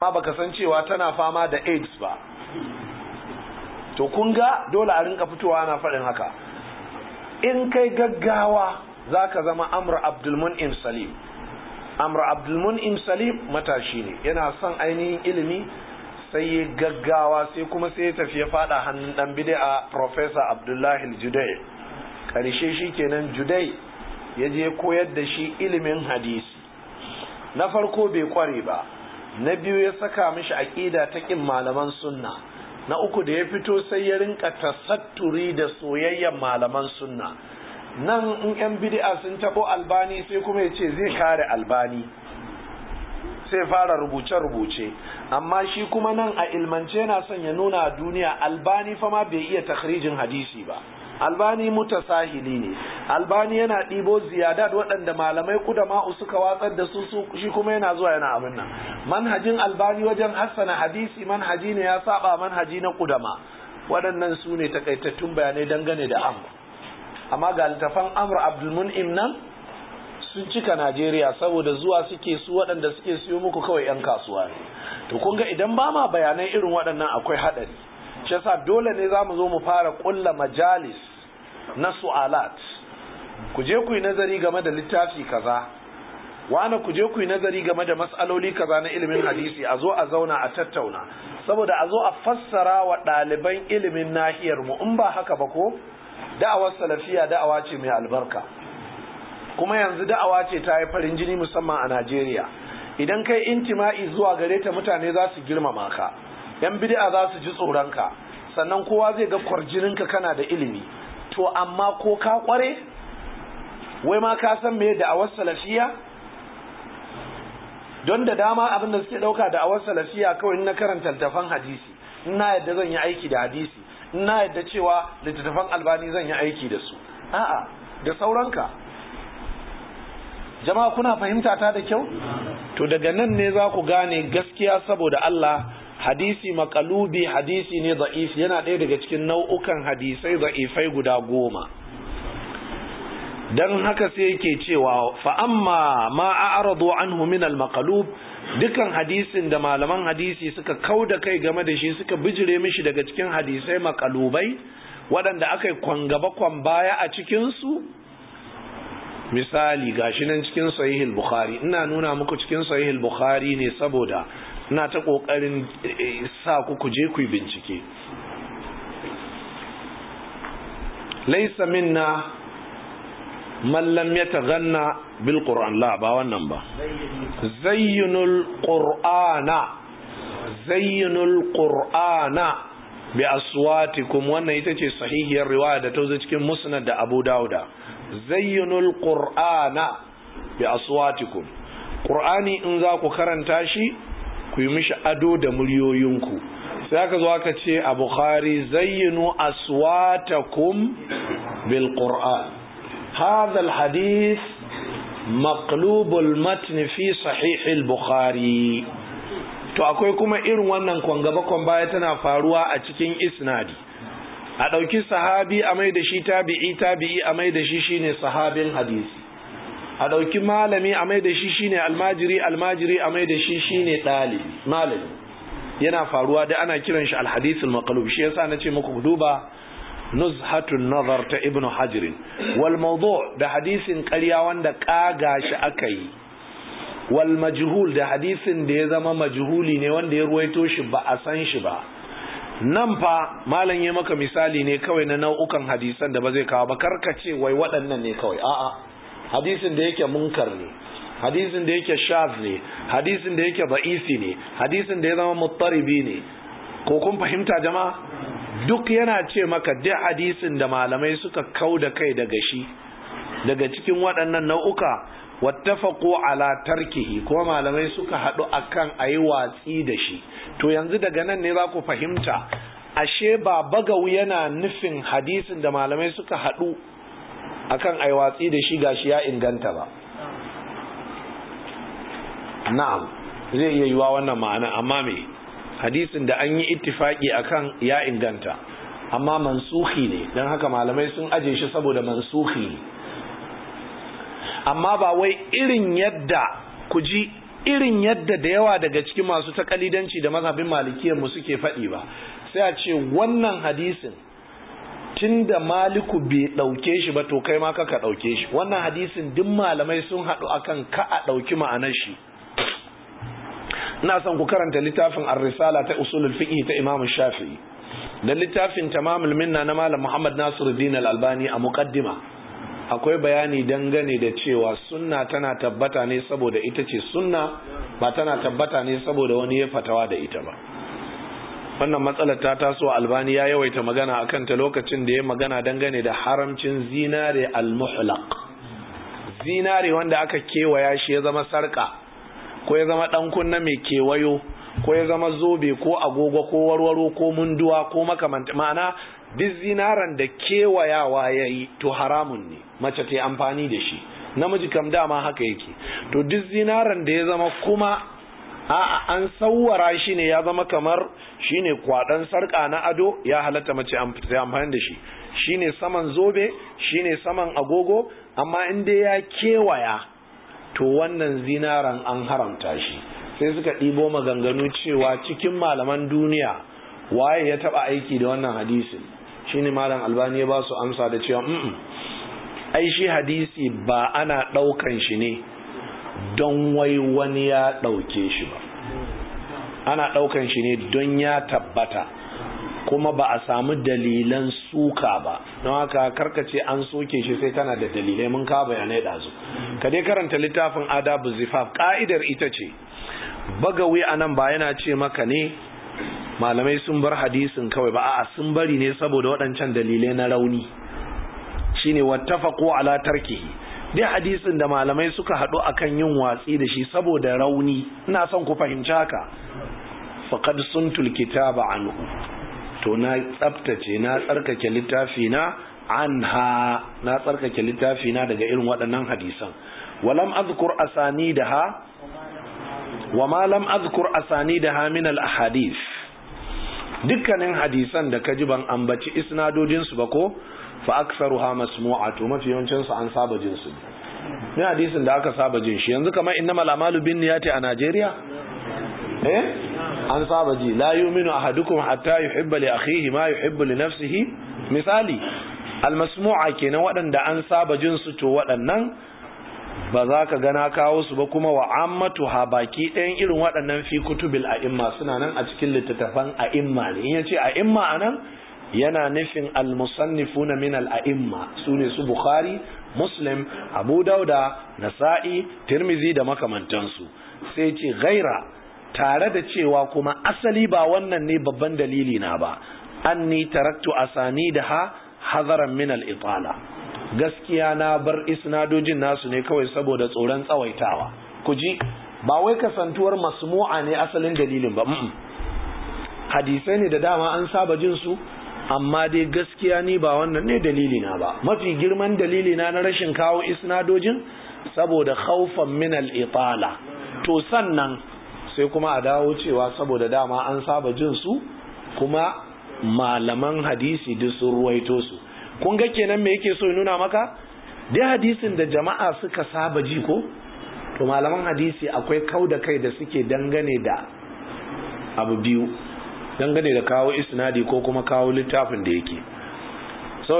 ma baka san cewa tana fama da AIDS ba to kun ga dole a rinka fitowa ana faɗin haka in kai gaggawa za ka zama amr abdulmun'im salim amr abdulmun'im salim matashi ne yana son ainihin ilimi sai ya gaggawa sai kuma sai ya tafi ya faɗa hannun ɗan bid'a professor abdullahi judai karshe shi kenan judai ya je koyar da shi ilimin hadisi na farko bai kware ba na biyu ya saka mishi aƙida ta ƙin malaman sunna na uku da ya fito sai ya rinka tasatturi da soyayyen malaman sunna nan in 'yan bid'a sun tabo albani sai kuma ya ce zai kare albani sai fara rubuce-rubuce amma shi kuma nan a ilmance yana son ya nuna a duniya albani fa ma bai iya takhrijin hadisi ba albani mutasahili ne albani yana ɗibo ziyadat waɗanda malamai kudama'u suka watsar da su shi kuma yana zuwa yana abin nan manhajin albani wajen hassana hadisi manhaji ne ya saba manhaji na kudama waɗannan su ne takaitattun bayanai dangane da amr amma ga littafan amr abdulmun'im nan sun cika najeriya saboda zuwa suke su waɗanda suke siyo muku kawai 'yan kasuwa ne to kun ga idan ba ma bayanai irin waɗannan akwai haɗari shi yasa dole ne za mu zo mu fara ƙulla majalis na su'alat ku je ku yi nazari game da littafi kaza wani ku je ku yi nazari game da matsaloli kaza na ilimin hadisi a zo a zauna a tattauna saboda a zo a fassara wa ɗaliban ilimin nahiyar mu in ba haka ba ko da'awar salafiya da'awa ce mai albarka kuma yanzu da'awa ce ta yi farin jini musamman a Najeriya idan kai intima'i zuwa gare ta mutane za su girmama ka yan bid'a za su ji tsoronka sannan kowa zai ga kwarjininka kana da ilimi to amma ko ka kware wai ma ka san me da'awar salafiya don da dama abin da suke dauka da'awar salafiya kawai na karanta littafan hadisi ina yadda zan yi aiki da hadisi ina yadda cewa littattafan albani zan yi aiki da su a'a da sauranka jama'a kuna fahimta ta da kyau to daga nan ne za ku gane gaskiya saboda Allah hadisi makalubi hadisi ne da'if yana ɗaya daga cikin nau'ukan hadisai da'ifai guda goma don haka sai yake cewa fa'amma ma a arado an huminal makalub dukan hadisin da malaman hadisi suka kau da kai game da shi suka bijire mishi daga cikin hadisai makalubai waɗanda aka yi kwangaba kwan baya a cikinsu misali gashi nan cikin sahihul bukhari ina nuna muku cikin sahihul bukhari ne saboda na ta kokarin eh, eh, sa ku ku je ku bincike laysa minna man lam yataganna bil qur'an la ba wannan ba zayyinul qur'ana zayyinul qur'ana bi aswatikum wannan ita ce sahihiyar riwaya da ta zo cikin musnad da Abu dauda zayyinul qur'ana bi aswatikum qur'ani in za ku karanta shi ku yi mishi ado da muryoyinku sai aka zo aka ce a bukhari zayyinu aswatakum bil qur'an hadha hadis hadith maqlub fi sahihil bukhari to akwai kuma irin wannan kwangaba kwan baya tana faruwa a cikin isnadi a ɗauki sahabi a mai da shi tabi'i tabi'i a mai da shi shine sahabin hadisi a ɗauki malami a mai da shi shine almajiri almajiri a mai da shi shine ɗali malami yana faruwa da ana kiran shi alhadisul maqlub shi yasa na ce muku duba nuzhatun nazar ta ibnu hajirin wal mawdu da hadisin karya wanda ƙaga shi aka yi wal majhul da hadisin da ya zama majhuli ne wanda ya ruwaito shi ba a san shi ba nan fa malam ya maka misali ne kawai na nau'ukan hadisan da ba zai kawo ba ce wai waɗannan ne kawai a'a hadisin da yake munkar ne hadisin da yake shaf ne hadisin da yake ba'isi ne hadisin da ya zama muttaribi ne ko kun fahimta jama'a duk yana ce maka duk hadisin da malamai suka kau da kai daga shi daga cikin waɗannan nau'uka wattafaqu ala tarkihi kuma malamai suka haɗu akan ayi watsi da shi to yanzu daga nan ne za ku fahimta ashe ba bagawu yana nufin hadisin da malamai suka haɗu akan ai watsi da shi gashi ya inganta ba na'am zai iya yiwa wannan ma'ana amma me hadisin da an yi ittifaki akan ya inganta amma mansuhi ne don haka malamai sun aje shi saboda mansuhi ne amma ba wai irin yadda ku ji irin yadda da yawa daga cikin masu takalidanci da mazhabin malikiyar mu suke faɗi ba sai a ce wannan hadisin tunda maliku bai ɗauke shi ba to kai ma ka ka ɗauke shi wannan hadisin duk malamai sun haɗu akan ka a ɗauki ma'anar shi ina son ku karanta littafin ar-risala ta usulul fiqh ta imam shafi'i da littafin tamamul minna na malam muhammad nasiruddin al-albani a muqaddima akwai bayani dangane da cewa sunna tana tabbata ne saboda ita ce sunna ba tana tabbata ne saboda wani ya fatawa da ita ba wannan matsalar ta taso albani ya yawaita magana a kanta lokacin da ya magana dangane da haramcin zinare al-muhlaq zinare wanda aka kewaya shi ya zama sarka ko ya zama dan mai kewayo ko ya zama zobe ko agogo ko warwaro ko munduwa ko makamanta ma'ana duk zinaran da kewayawa ya yi to haramun ne mace ta yi amfani da shi namiji kam dama haka yake to duk zinaran da ya zama kuma a'a an sawwara shi ne ya zama kamar shine kwadan sarka na ado ya halatta mace an amfani da shi shine saman zobe shine saman agogo amma in dai ya kewaya to wannan zinaran an haramta shi sai suka ɗibo maganganu cewa cikin malaman duniya waye ya taba aiki da wannan hadisin shine malam albani ya ba su amsa da cewa ai shi hadisi ba ana ɗaukan shi ne don wai wani ya ɗauke shi ba ana ɗaukan shi ne don ya tabbata kuma ba a samu dalilan suka ba don haka karkace an soke shi sai kana da dalilai mun ka bayanai ɗazu ka dai karanta littafin adabu zifaf ka'idar ita ce bagawi a nan ba yana ce maka ne malamai sun bar hadisin kawai ba a'a sun bari ne saboda waɗancan dalilai na rauni shine wattafaqu ala tarkihi duk hadisin da malamai suka haɗu akan yin watsi da shi saboda rauni ina son ku fahimci haka faqad suntul kitaba anhu to na tsaftace na tsarkake littafi na anha na tsarkake littafi na daga irin waɗannan hadisan walam azkur asani da ha wa ma lam azkur asani da ha min al ahadith dukkanin hadisan da kaji ban ambaci isnadodin su ba ko fa aktsaruha masmu'atu mafi yawancin su an saba jin su ne hadisin da aka saba jin shi yanzu kamar innamal amalu binniyati a Najeriya eh an saba ji la yu'minu ahadukum hatta yuhibba li akhihi ma yuhibbu li nafsihi misali Al-masmu'a almasmu'a kenan waɗanda an saba jin su to waɗannan ba za ka gana kawo su ba kuma wa ammatu ha baki ɗayan irin waɗannan fi kutubil a'imma suna nan a cikin littattafan a'imma ne in yace a'imma anan yana nufin almusannifuna min al'a'imma su sune su bukhari muslim abu dauda nasa'i tirmizi da makamantansu sai ce gaira tare da cewa kuma asali ba wannan ne babban dalili na ba anni taraktu asani da ha hazaran min al'itala gaskiya na bar isnadojin nasu ne kawai saboda tsoron tsawaitawa ku ji ba wai kasantuwar masmu'a ne asalin dalilin ba hadisai ne da dama an saba jin su amma dai gaskiya ni ba wannan ne dalili na ba mafi girman dalili na na rashin kawo isnadojin saboda khaufan min al-itala to sannan sai kuma a dawo cewa saboda dama an saba jin su kuma malaman hadisi duk sun ruwaito su kun ga kenan me yake so ya nuna maka dai hadisin da jama'a suka saba ji ko to malaman hadisi akwai kau da kai da suke dangane da abu biyu dangane da kawo isnadi ko kuma kawo littafin da yake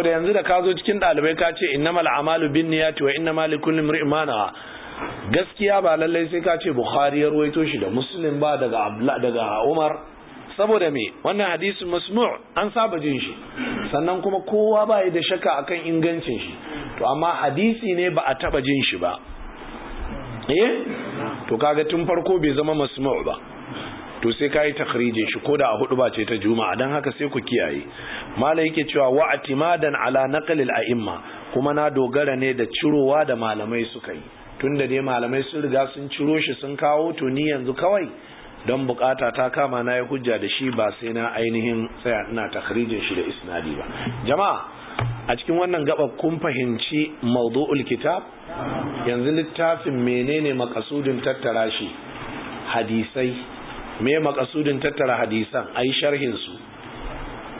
da yanzu da ka zo cikin ɗalibai ka ce mal amalu niyati wa inna mali kullum ma gaskiya ba lallai sai ka ce bukhari ya ruwaito shi da musulun ba daga daga umar saboda me wannan hadisin masmu' an saba jin shi sannan kuma kowa ba da shakka akan ingancin shi to amma hadisi ne ba a taba jin shi ba eh to kaga tun farko bai zama masmu' ba to sai ka yi takhrijin shi ko da a hudu ba ce ta juma'a don haka sai ku kiyaye malai yake cewa wa atimadan ala naqlil a'imma kuma na dogara ne da cirowa da malamai suka yi tunda dai malamai sun riga sun ciro shi sun kawo to ni yanzu kawai don bukata ta kama na yi hujja da shi ba sai na ainihin tsaya ina takhrijin shi da isnadi ba jama'a a cikin wannan gaba kun fahimci mawdu'ul kitab yanzu littafin menene makasudin tattara shi hadisai me makasudin tattara hadisan ai sharhin su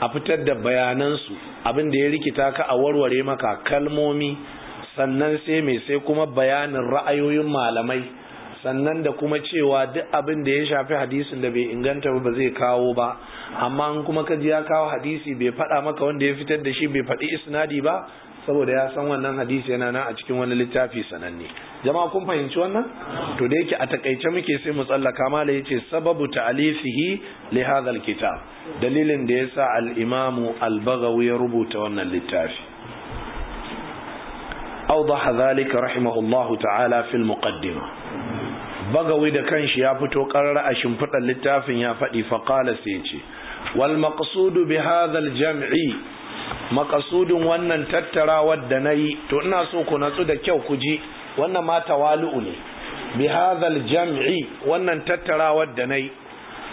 a fitar da bayanansu, su abin da ya rikita ka a warware maka kalmomi sannan sai mai sai kuma bayanin ra'ayoyin malamai sannan da kuma cewa duk abin da ya shafi hadisin da bai inganta ba zai kawo ba amma in kuma kaji ya kawo hadisi bai faɗa maka wanda ya fitar da shi bai faɗi isnadi ba saboda ya san wannan hadisi yana nan a cikin wani littafi sananne jama'a kun fahimci wannan to da yake a takaice muke sai mu tsallaka mala yace sababu ta'alifihi li hadha alkitab dalilin da yasa al-imam al-baghawi ya rubuta wannan littafi awdaha zalika rahimahullahu ta'ala fil muqaddimah bagawi da kanshi ya fito karara a shimfiɗar littafin ya faɗi faƙala sai ce wal maqsudu bi hadha al-jam'i makasudin wannan tattarawar da na yi to ina so ku natsu da kyau ku ji wannan ma tawali'u ne bi hadhal jam'i wannan tattarawar da na yi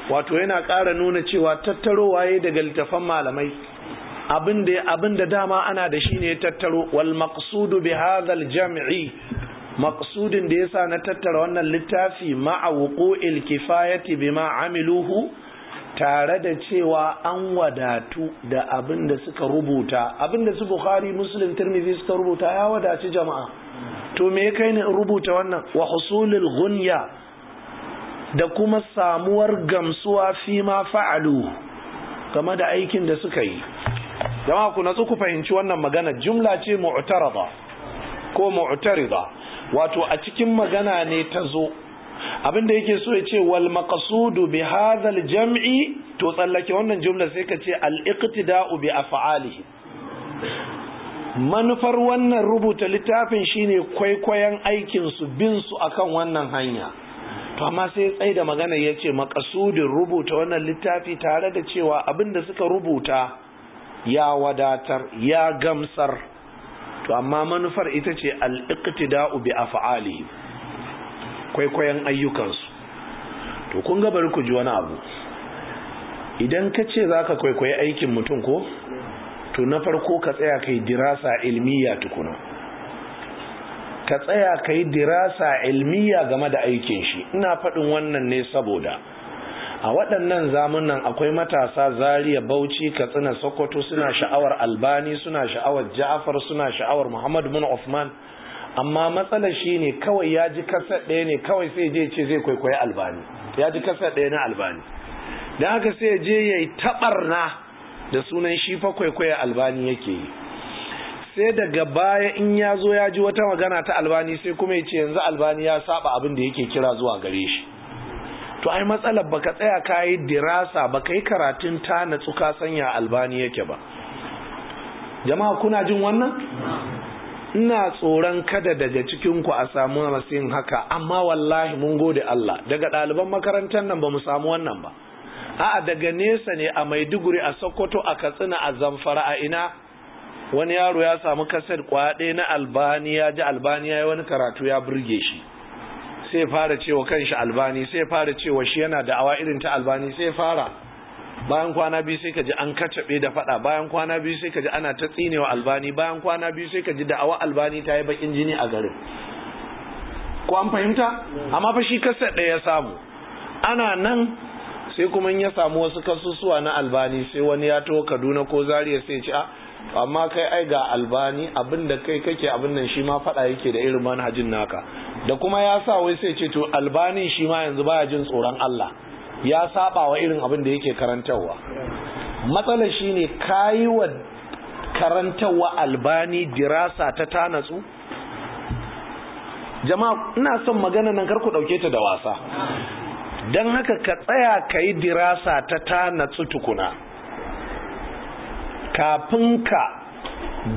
wato yana ƙara nuna cewa tattaro waye daga littafan malamai abin da abin dama ana da shi ne tattaro wal maqsudu bi hadhal jam'i maqsudin da yasa na tattara wannan littafi ma'a wuqu'il kifayati bima amiluhu tare da cewa an wadatu da abin da suka rubuta abin da su bukhari muslim tirmidhi suka rubuta ya wadaci jama'a to me ya kai ne rubuta wannan wa husulul ghunya da kuma samuwar gamsuwa fi ma fa'alu game da aikin da suka yi jama'a ku natsu ku fahimci wannan magana jumla ce mu'tarada ko mu'tarida wato a cikin magana ne ta zo abin da yake so ya ce wal maqsudu bi hadha al jam'i to tsallake wannan jumla sai ka ce al iqtida'u bi af'alihi manufar wannan rubuta littafin shine kwaikwayon aikin su bin su akan wannan hanya to amma sai tsaye da magana ya ce makasudin rubuta wannan littafi tare da cewa abin da suka rubuta ya wadatar ya gamsar to amma manufar ita ce al iqtida'u bi af'alihi kwaikwayon ayyukansu to kun ga bari ku ji wani abu idan ka ce za ka kwaikwayi aikin mutum ko to na farko ka tsaya ka yi dirasa ilmiya tukuna ka tsaya ka yi dirasa ilmiya game da aikin shi ina faɗin wannan ne saboda a waɗannan zamunan akwai matasa zariya bauchi katsina sokoto suna sha'awar albani suna sha'awar ja'afar suna sha'awar muhammad bin usman amma matsalar shi ne kawai ya ji kasar ɗaya ne kawai sai je ce zai kwaikwayi albani ya ji kasar ɗaya na albani don haka sai je ya yi taɓarna da sunan shi fa kwaikwayi albani yake yi sai daga baya in ya zo ya ji wata magana ta albani sai kuma ya ce yanzu albani ya saba abin da yake kira zuwa gare shi to ai matsalar baka tsaya ka yi dirasa baka yi karatun ta natsu ka sanya albani yake ba jama'a kuna jin wannan ina tsoron kada daga cikinku a samu masin haka amma wallahi mun gode Allah daga ɗaliban makarantar nan ba mu samu wannan ba a'a daga nesa ne a maiduguri a sokoto a katsina a zamfara a ina wani yaro ya samu kasar kwaɗe na albani ya ji albani ya wani karatu ya burge shi sai fara cewa kanshi albani sai fara cewa shi yana da da'awa irin ta albani sai fara bayan kwana biyu sai kaji an kacabe da fada bayan kwana biyu sai ka ji ana ta tsinewa albani bayan kwana biyu sai ka ji da'awa albani ta yi bakin jini a garin ko an fahimta amma fa shi kasa ya samu ana nan sai kuma in ya samu wasu kasusuwa na albani sai wani ya taho kaduna ko zaria sai ci a ah, amma kai ai ga albani abin da kai kake abin nan shi ma fada yake da irin manhajin naka da kuma ya sa wai sai ce to albani shi ma yanzu baya jin tsoron Allah ya saba wa irin abin da yake karantarwa matsalar shine kayi wa karantarwa albani dirasa ta tanatsu jama'a ina son magana nan karku dauke ta da wasa don haka ka tsaya ka yi dirasa ta tanatsu tukuna kafin ka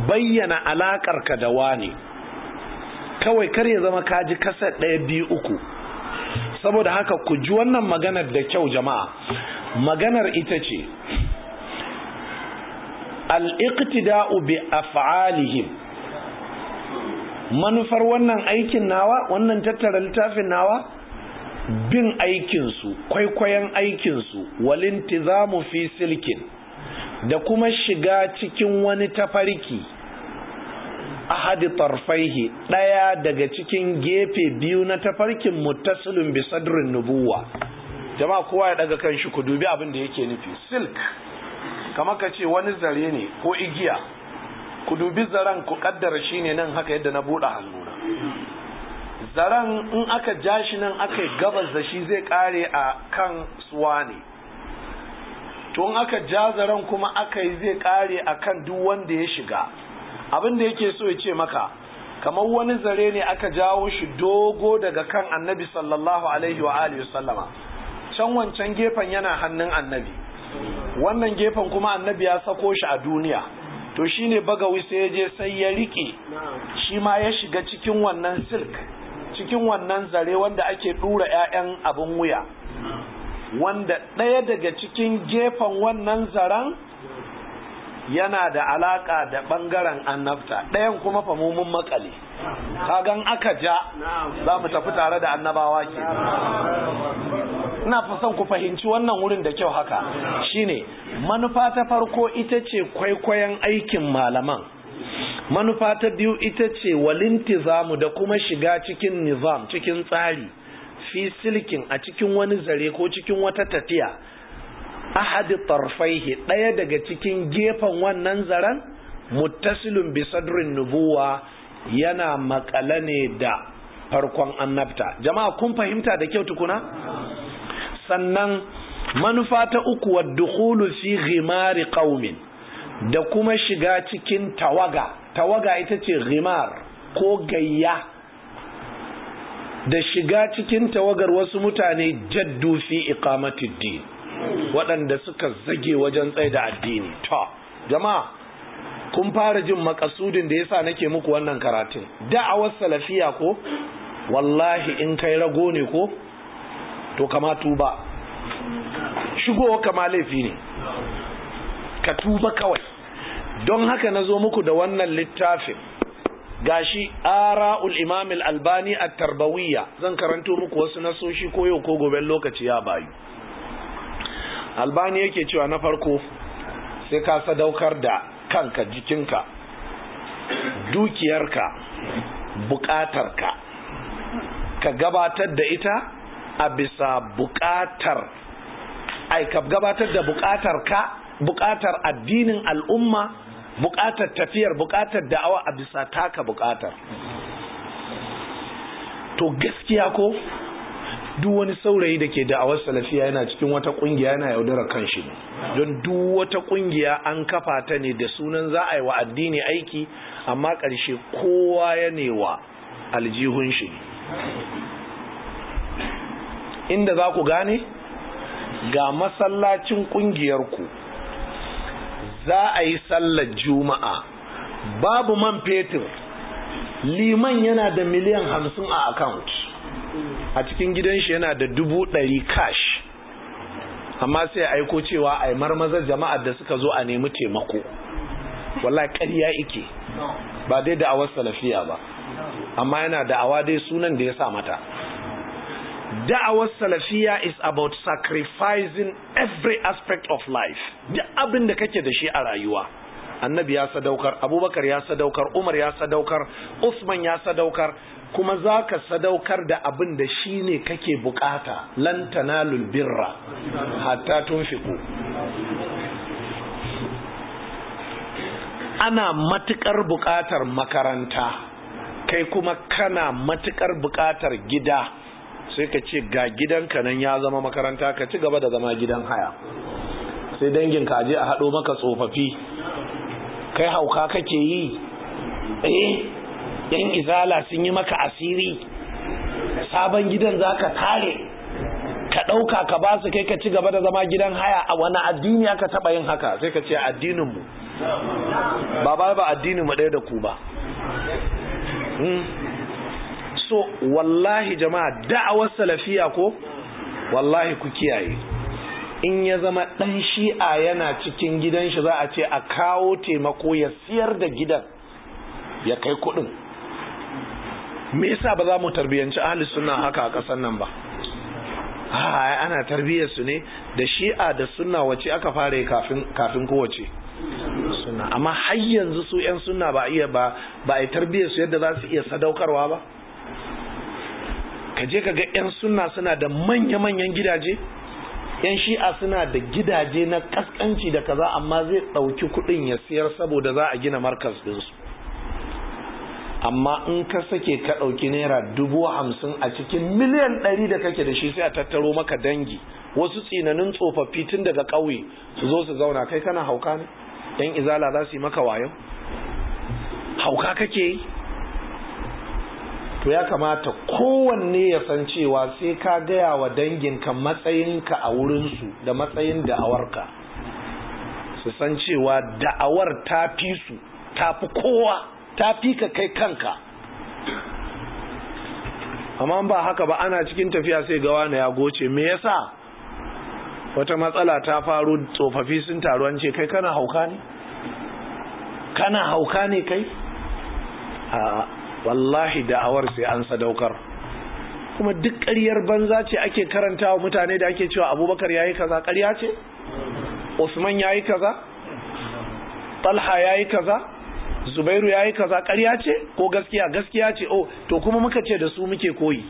bayyana alakarka da wani kawai kar ya zama kaji kasar ɗaya biyu uku saboda haka ku ji wannan maganar da kyau jama'a maganar ita ce al-iqtida'u bi af'alihim manufar wannan aikin nawa wannan tattara littafin nawa bin aikinsu kwaikwayon aikinsu walintizamu fi silkin da kuma shiga cikin wani tafarki ahadi tarfaihi ɗaya daga cikin gefe biyu na tafarkin muttasilun bisadrin nubuwa jama'a kowa ya daga kan shi ku dubi abin da yake nufi silk kamar ka ce wani zare ne ko igiya ku dubi zaren ku kaddara shi ne nan haka yadda na buɗe hannuna zaren in aka ja shi nan aka gabas da shi zai kare a kan suwa ne to aka ja zaren kuma aka yi zai kare a kan duk wanda ya shiga abin da yake so ya ce maka kamar wani zare ne aka jawo shi dogo daga kan annabi sallallahu alaihi wa alihi sallama can wancan gefen yana hannun annabi wannan gefen kuma annabi ya sako shi a duniya to shine bagawi sai ya je sai ya rike shi ma ya shiga cikin wannan silk cikin wannan zare wanda ake dura 'ya'yan abun wuya wanda ɗaya daga cikin gefen wannan zaren yana da alaka da bangaren annabta ɗayan kuma fa mumun makale kagan aka ja za mu tafi tare da annabawa ke ina son ku fahimci wannan wurin da kyau haka shine manufa ta farko ita ce kwaikwayon aikin malaman manufa ta biyu ita ce zamu da kuma shiga cikin nizam cikin tsari fi silkin a cikin wani zare ko cikin wata tafiya ahadi tarfaihi ɗaya daga cikin gefen wannan zaren muttasilun bi sadrin nubuwa yana makale ne da farkon annabta jama'a kun fahimta da kyau tukuna sannan manufa ta uku wa dukhulu fi rimari qaumin da kuma shiga cikin tawaga tawaga ita ce ghimar ko gayya da shiga cikin tawagar wasu mutane jaddu fi iqamatid din waɗanda suka zage wajen tsaye da addini to jama'a kun fara jin makasudin da yasa nake muku wannan karatun da'awar salafiya ko wallahi in kai rago ne ko to kama tuba shigowa kama laifi ne ka tuba kawai don haka na zo muku da wannan littafin gashi ara'ul imam al-albani a tarbawiya. zan karanto muku wasu nasoshi ko yau ko gobe lokaci ya bayu albani yake cewa na farko sai ka sadaukar da kanka jikinka dukiyarka bukatarka ka gabatar da ita a bisa bukatar ai ka gabatar da bukatar ka bukatar addinin al'umma bukatar tafiyar bukatar da'awa a bisa taka bukatar to gaskiya ko duk wani saurayi da ke da'awar salafiya yana cikin wata kungiya yana yaudara kan shi don duk wata kungiya an kafa ta ne da sunan za a yi wa addini aiki amma ƙarshe kowa ya newa aljihun shi inda za ku gane ga masallacin kungiyarku za a yi sallar juma'a babu man fetur liman yana da miliyan hamsin a account a cikin gidan shi yana da dubu ɗari cash amma sai aiko cewa a marmazar jama'ar da suka zo a nemi taimako wallahi ƙarya ike ba dai da'awar salafiya ba amma yana da awa dai sunan da ya sa mata da'awar salafiya is about sacrificing every aspect of life duk abin da kake da shi a rayuwa annabi ya sadaukar abubakar ya sadaukar umar ya sadaukar usman ya sadaukar kuma za ka sadaukar da abin da shi ne kake bukata lantana lulbirra hatta tun fiko ana matukar bukatar makaranta kai kuma kana matukar bukatar gida sai ka ce ga gidanka nan ya zama makaranta ka ci gaba da zama gidan haya sai dangin kaji a haɗo maka tsofaffi kai hauka kake yi eh yan izala sun yi maka asiri sabon gidan za ka tare ka ɗauka ka ba su kai ka ci gaba da zama gidan haya a wani addini aka taɓa yin haka sai ka ce addininmu ba ba ba addininmu ɗaya da ku ba hmm. so wallahi jama'a da'awar salafiya ko wallahi ku kiyaye in ya zama ɗan shi'a yana cikin gidan shi za a ce a kawo taimako ya siyar da gidan ya kai kuɗin me yasa ba za mu tarbiyanci ahli sunna haka a ƙasar nan ba ai ana tarbiyyar su ne da shi'a da sunna wace aka fara kafin kafin kowace sunna amma har yanzu su yan sunna ba iya ba ba ai tarbiyyar su yadda za su iya sadaukarwa ba kaje je ka ga yan sunna suna da manya-manyan gidaje yan shi'a suna da gidaje na kaskanci da kaza amma zai ɗauki kuɗin ya siyar saboda za a gina markas ɗinsu amma in ka sake ka ɗauki naira dubu hamsin a cikin miliyan ɗari da kake da shi sai a tattaro maka dangi wasu tsinanin tsofaffi tun daga ƙauye su zo su zauna kai kana hauka ne ɗan izala za su yi maka wayo hauka kake yi to ya kamata kowanne ya san cewa sai ka gaya wa danginka matsayinka a wurinsu da matsayin da'awarka su san cewa da'awar ta fi su ta fi kowa ta fi ka kai kanka amma ba haka ba ana cikin tafiya sai gawa na ya goce me yasa wata matsala ta faru tsofaffi sun taru an ce kai kana hauka ne kana hauka ne kai a wallahi da'awar sai an sadaukar kuma duk ƙaryar banza ce ake karanta wa mutane da ake cewa abubakar ya yi kaza ƙarya ce usman ya yi kaza talha ya yi kaza zubairu ya yi kaza ƙarya ce ko gaskiya gaskiya ce oh to kuma muka ce da su muke koyi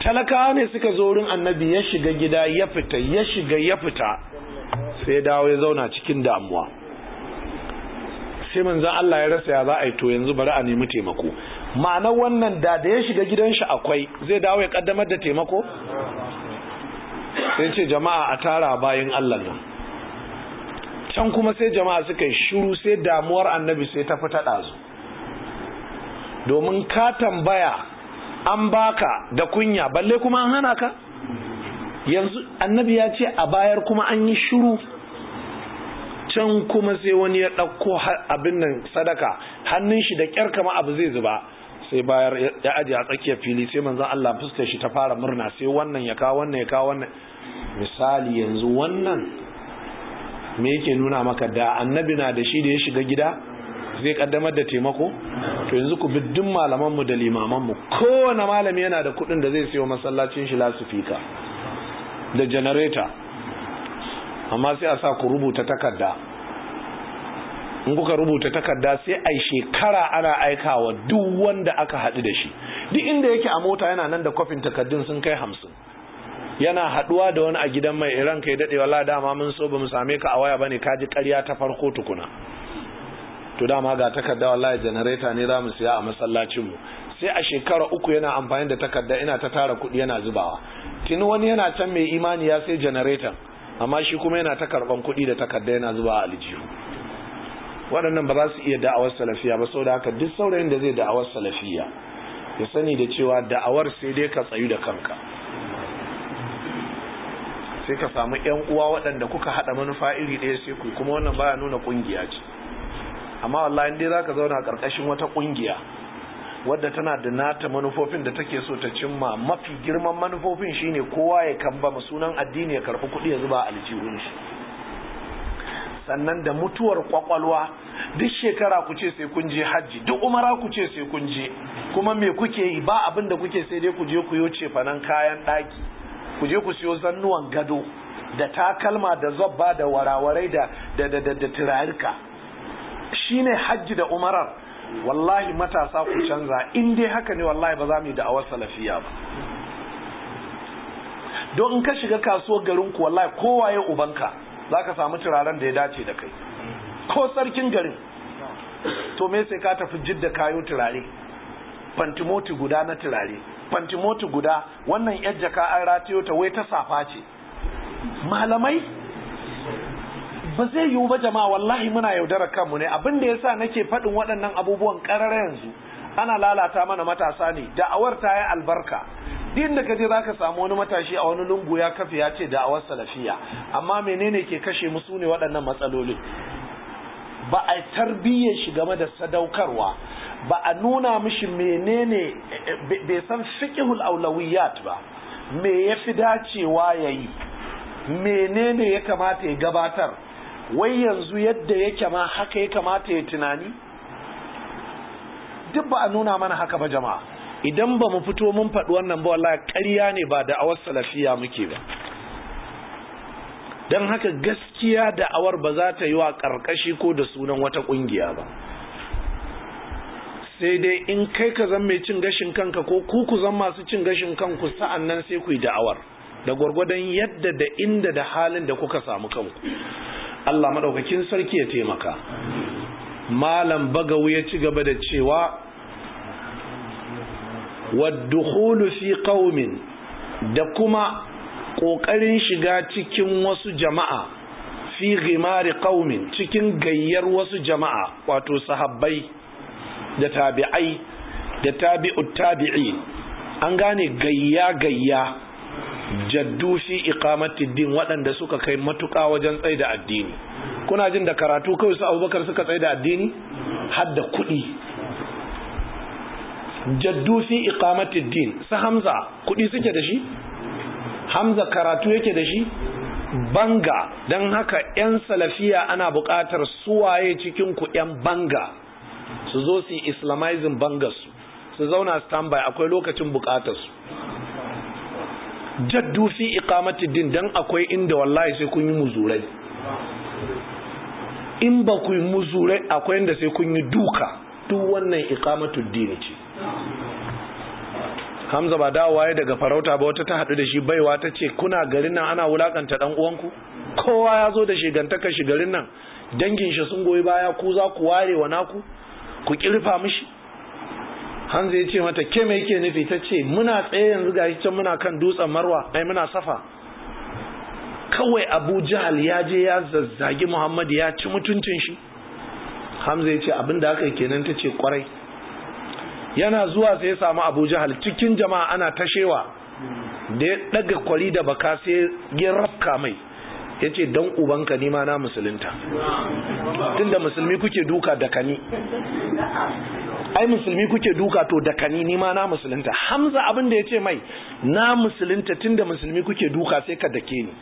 talakawa ne suka zo wurin annabi ya shiga gida ya fita ya shiga ya fita sai dawo ya zauna cikin damuwa sai manzan Allah ya rasa ya za a yi to yanzu bari a nemi taimako ma'ana wannan da da ya shiga gidan shi akwai zai dawo ya kaddamar da taimako sai ce jama'a a tara bayan Allah nan can kuma sai jama'a suka yi shiru sai damuwar annabi sai ta fita ɗazu domin ka tambaya an baka da kunya balle kuma an hana ka yanzu annabi ya ce a bayar kuma an yi shuru can kuma sai wani ya ɗauko abin nan sadaka hannun shi da kyar kama abu zai zuba sai bayar ya aje a tsakiyar fili sai manzan Allah fuskar shi ta fara murna sai wannan ya kawo wannan ya kawo wannan misali yanzu wannan me yake nuna maka da annabi na da shi da ya shiga gida zai kaddamar da taimako to yanzu ku malaman malamanmu da limamanmu kowane malami yana da kudin da zai siyo masallacin shi lasifika da janareta amma sai a sa ku rubuta takarda in kuka rubuta takarda sai a shekara ana aikawa duk wanda aka haɗu da shi duk inda yake a mota yana nan da kwafin takardun sun kai hamsin yana haduwa da wani a gidan mai iran kai daɗe. wala dama mun so ba mu same ka a waya ba ne. Ka ji karya ta farko tukuna to dama ga takarda wallahi janareta ne za mu siya a masallacin mu sai a shekara uku yana amfani da takarda ina ta tara kuɗi yana zubawa tuni wani yana can mai imani ya sai janaretan. amma shi kuma yana ta karban kuɗi da takarda yana zubawa a aljihu waɗannan ba za su iya da'awar salafiya ba saboda haka duk saurayin da zai da'awar salafiya ya sani da cewa da'awar sai dai ka tsayu da kanka sai ka samu yan uwa waɗanda kuka haɗa manufa iri ɗaya sai ku kuma wannan baya nuna ƙungiya ce amma wallahi in dai zaka zauna ƙarƙashin wata ƙungiya wadda tana da nata manufofin da take so ta cimma mafi girman manufofin shine kowa ya kamba sunan addini ya karɓi kuɗi ya zuba aljihun shi sannan da mutuwar kwakwalwa duk shekara ku ce sai kun je hajji duk umara ku ce sai kun je kuma me kuke yi ba abinda kuke sai dai ku je ku yo cefanen kayan ɗaki ku je ku siyo zannuwan gado da takalma da zobba da warawarai da da da da turarika shine hajji da umarar wallahi matasa ku canza in dai haka ne wallahi ba za mu yi da'awar salafiya ba don in ka shiga kasuwar garin ku wallahi ya ubanka za ka samu turaren da ya dace da kai ko sarkin garin to me sai ka tafi jidda kayo turare fantimoti guda na turare fantimoti guda wannan yar jaka an ratiyo ta wai ta safa ce malamai ba zai yiwu ba jama'a wallahi muna yaudarar kanmu ne abin da yasa nake faɗin waɗannan abubuwan ƙarara yanzu ana lalata mana matasa ne da'awar ta yi albarka din da kaje zaka samu wani matashi a wani lungu ya kafe ya ce da'awar salafiya amma menene ke kashe musu ne waɗannan matsalolin ba a tarbiyyar shi game da sadaukarwa ba a nuna mishi menene bai san fiqhul aulawiyat ba me yafi dacewa yayi menene ya kamata ya gabatar wai yanzu yadda yake ma haka ya kamata ya tunani duk ba a nuna mana haka ba jama'a idan ba mu fito mun faɗi wannan ba wallahi ƙarya ne ba da awar salafiya muke ba don haka gaskiya da awar ba za ta yi wa ƙarƙashi ko da sunan wata ƙungiya ba sai dai in kai ka zan mai cin gashin kanka ko ku ku zan masu cin gashin kanku sa'an nan sai ku yi da'awar da gwargwadon yadda da inda da halin da kuka samu kanku Allah maɗaukakin sarki ya taimaka malam bagawu ya ci gaba da cewa wadduhulu fi qaumin da kuma ƙoƙarin shiga cikin wasu jama'a fi ghimari qaumin cikin gayyar wasu jama'a wato sahabbai da tabi'ai da tabi'u, tabi'i an gane gayya gayya jaddu shi iqamatu din waɗanda suka kai matuƙa wajen da addini kuna jin da karatu kawai su abubakar suka da addini har da kuɗi jaddu fi iqamati din su hamza kuɗi suke da shi hamza karatu yake da shi banga don haka 'yan salafiya ana buƙatar suwaye cikin ku 'yan banga su zo su yi islamizing bangarsu su zauna standby akwai lokacin bukatarsu jaddu fi iqamati din dan akwai inda wallahi sai kun yi muzurai in ba ku yi muzurai akwai inda sai kun yi duka duk wannan iqamatu din ce Hamza ba dawowa ya daga farauta ba wata ta haɗu da shi baiwa ta ce kuna garin nan ana wulakanta ɗan uwanku kowa ya zo da shigantaka shi garin nan dangin shi sun goyi baya ku za ku ware wa naku ku kirfa mishi hanzu ya ce mata ke mai ke nufi ta ce muna tsaye yanzu ga can muna kan dutsen marwa ai muna safa kawai abu jahal ya je ya zazzagi muhammad ya ci mutuncin shi hamza ya ce abin da aka kenan ta ce kwarai yana zuwa sai ya samu abu jahal cikin jama'a ana tashewa da ya daga kwali da baka sai ya rafka mai ya ce don ubanka nima na musulunta tun da musulmi kuke duka da kani ai musulmi kuke duka to da kani nima na musulunta hamza abin da ya ce mai na musulunta tun da musulmi kuke duka sai ka dake ni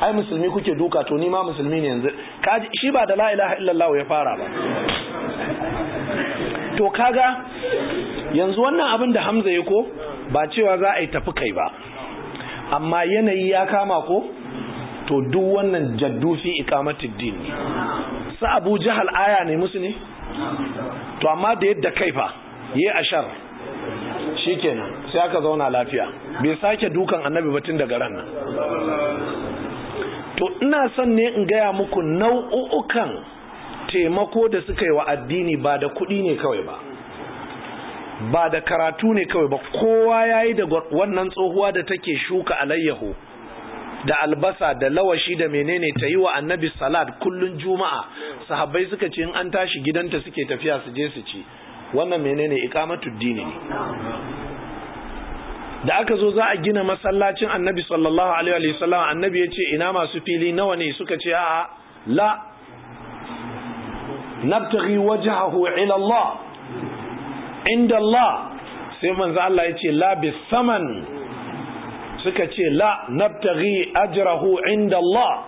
ai musulmi kuke duka to nima musulmi ne yanzu shi ba da la ilaha illallah ya fara ba to kaga yanzu wannan abin da hamza ya ko ba cewa za a yi tafi kai ba amma yanayi ya kama ko to duk wannan jaddu fi iqamatid din sa Abu Jahal aya ne musu ne to amma da yadda kai kaifa yi ashar shikenan sai aka zauna lafiya bai sake dukan annabi batun daga ran nan to ina son ne in gaya muku nau'ukan taimako da suka yi wa addini ba da kuɗi ne kawai ba ba da karatu ne kawai ba kowa ya yi da wannan tsohuwa da take shuka alayyahu da albasa da lawashi da menene ta yi wa annabi salat kullun juma'a sahabbai suka ce in an tashi gidanta suke tafiya su je su ci wannan menene iqamatud dini ne da aka zo za a gina masallacin annabi sallallahu alaihi wa sallam annabi ya ce ina masu fili nawa ne suka ce a'a la nabtaghi wajhahu ila Allah inda Allah sai manzo Allah ya ce la bisaman suka ce la nabtaghi ajrahu inda Allah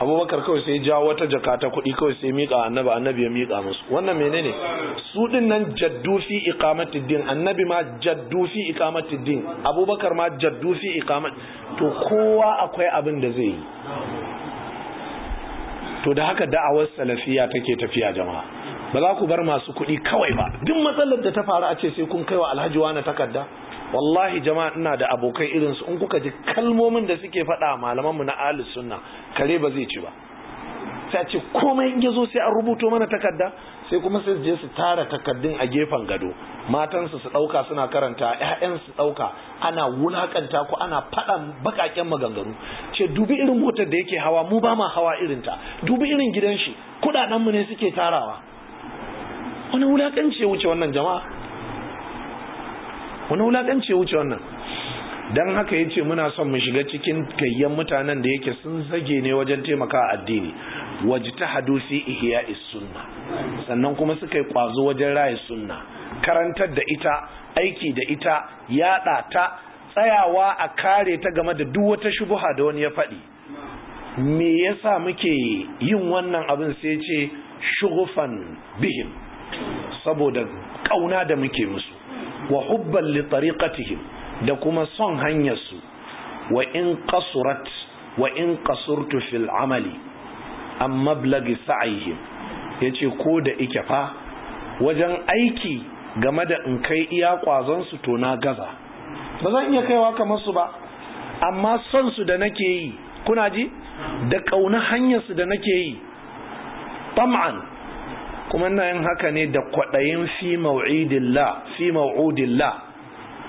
abubakar kawai sai ja wata jaka ta kuɗi kawai sai miƙa annabi annabi ya miƙa musu wannan menene su din nan jaddu fi iqamatid din annabi ma jaddu fi iqamatid din abubakar ma jaddu fi iqamat to kowa akwai abin da zai yi to da haka da'awar salafiya take tafiya jama'a ba za ku bar masu kuɗi kawai ba duk matsalar da ta faru a ce sai kun kai wa alhaji wani takarda wallahi jama'a ina da abokai irin su in kuka ji kalmomin da suke faɗa mu na ahlus sunna kare ba zai ci ba sai ce komai in yazo sai an rubuto mana takarda sai kuma sai je su tara takardun a gefen gado matan su su dauka suna karanta ƴaƴan su dauka ana wulakanta ko ana faɗan bakaken maganganu ce dubi irin motar da yake hawa mu ba ma hawa irin ta dubi irin gidan shi kudaden mu ne suke tarawa wani wulakanci ya wuce wannan jama'a wani wulaƙanci ya wuce wannan don haka yace muna son mu shiga cikin kayyan mutanen da yake sun zage ne wajen taimaka addini waje ta hadusi ihiya sunna sannan kuma suka yi kwazo wajen raye sunna karantar da ita aiki da ita yaɗa ta tsayawa a kare ta game da duk wata shubuha da wani ya faɗi me yasa muke yin wannan abin sai ce shugufan bihim saboda kauna da muke musu wa hubban li tariqatihim da kuma son hanyarsu wa in qasurat wa in qasurtu fil amali amma blagi sa'ihim yace ko da ike fa wajen aiki game da in kai iya kwazon to na gaza ba zan iya kaiwa kamar su ba amma son su da nake yi kuna ji da ƙauna hanyar su da nake yi tam'an kuma ina yin haka ne da kwaɗayin fi mau'idillah fi mau'udillah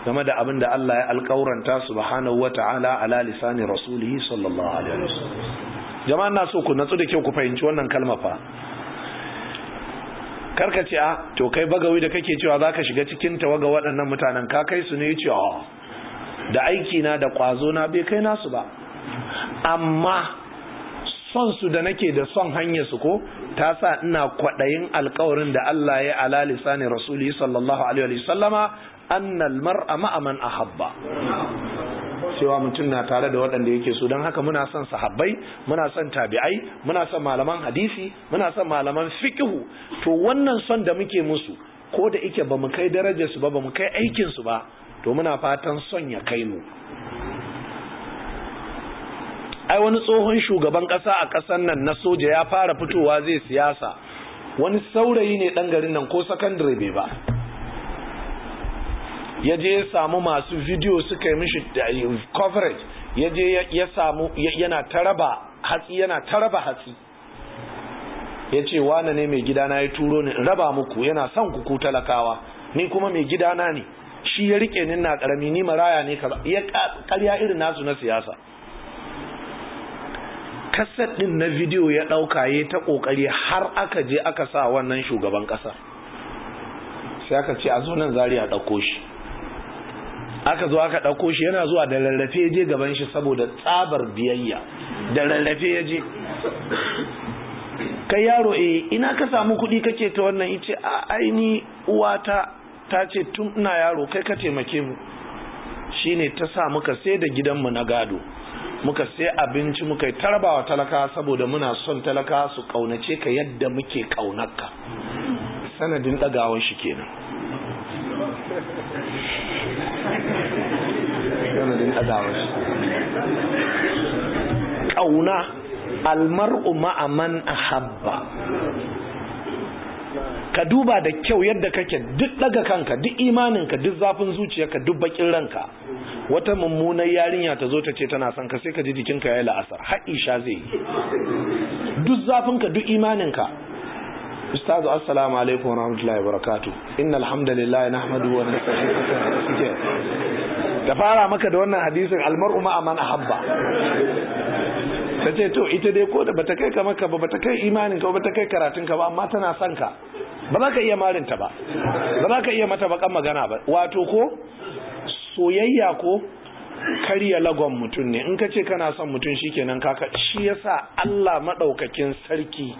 game da abin da Allah ya alƙauranta subhanahu wata'ala ala lisanin rasulihi sallallahu alaihi wasallam jama'a na so ku natsu da kyau ku fahimci wannan kalma fa karka ce a ah, to kai bagawi da kake cewa zaka shiga cikin tawaga waɗannan mutanen ka kai su ne yace a ah, da aiki na da kwazo na bai kai nasu ba amma son su da nake da son hanyar su ko ta sa ina kwaɗayin alkawarin da Allah ya ala lisani rasuli sallallahu alaihi wa sallama annal mar'a ma'a man ahabba cewa mutum na tare da waɗanda yake so don haka muna son sahabbai muna son tabi'ai muna son malaman hadisi muna son malaman fiqhu to wannan son da muke musu ko da ike ba mu kai darajar su ba ba mu kai aikin su ba to muna fatan son ya kai mu ai wani tsohon shugaban ƙasa a ƙasar nan na soja ya fara fitowa zai siyasa wani saurayi ne ɗan garin nan ko sakandare bai ba ya je ya samu masu video suka yi mishi eh, coverage ya je ya samu yana taraba hatsi yana taraba hatsi ya ce wane ne mai gidana ya turo ni raba muku yana son kuku talakawa ni kuma mai gidana ne shi ya rike ni na karami ni maraya ne Ya karya irin nasu na siyasa kaset din na bidiyo ya ɗauka ya ta ƙoƙari har aka je aka sa wannan shugaban ƙasa sai aka ce a zo nan zari a ɗauko shi aka zo aka ɗauko shi yana zuwa da lallafe ya je gaban shi saboda tsabar biyayya da lallafe ya je kai yaro eh ina ka samu kuɗi kake ta wannan ice a aini uwata ta ce tun ina yaro kai ka taimake mu shine ta sa muka sai da gidanmu na gado muka sai abinci muka yi tarbawa talaka saboda muna son talaka su kaunace ka yadda muke kaunarka sanadin dagawar shi kenan sanadin dagawar shi kauna almar'u ma'a man ahabba ka duba da kyau yadda kake duk daga kanka duk imaninka duk zafin zuciyarka duk bakin ranka wata mummunar yarinya ta zo ta ce tana son ka sai ka ji jikinka ya la'asar har isha zai duk ka duk imaninka استاذ السلام عليكم ورحمه الله وبركاته ان الحمد لله نحمده ونستعينه da fara maka da wannan hadisin almar'u ma habba. Ta ce to ita dai ko da bata kai ka maka ba bata kai imanin ka bata kai karatun ka ba amma tana son ka ba za ka iya marinta ba ba za ka iya mata bakan magana ba wato ko soyayya ko karya lagon mutum ne in ka ce kana son mutum shikenan kaka shi yasa Allah maɗaukakin sarki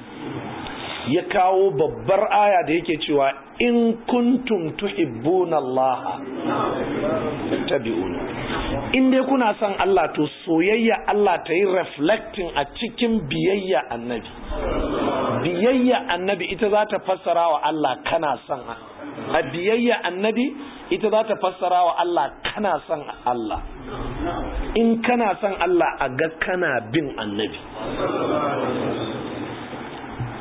ya kawo babbar aya da yake cewa in kuntum tuhibbuna Allah tabi'uni in dai kuna son Allah to soyayya Allah ta yi reflecting a cikin biyayya annabi biyayya annabi ita za ta fassara wa Allah kana son a biyayya annabi ita za ta fassara wa Allah kana son Allah in kana son Allah a ga kana bin annabi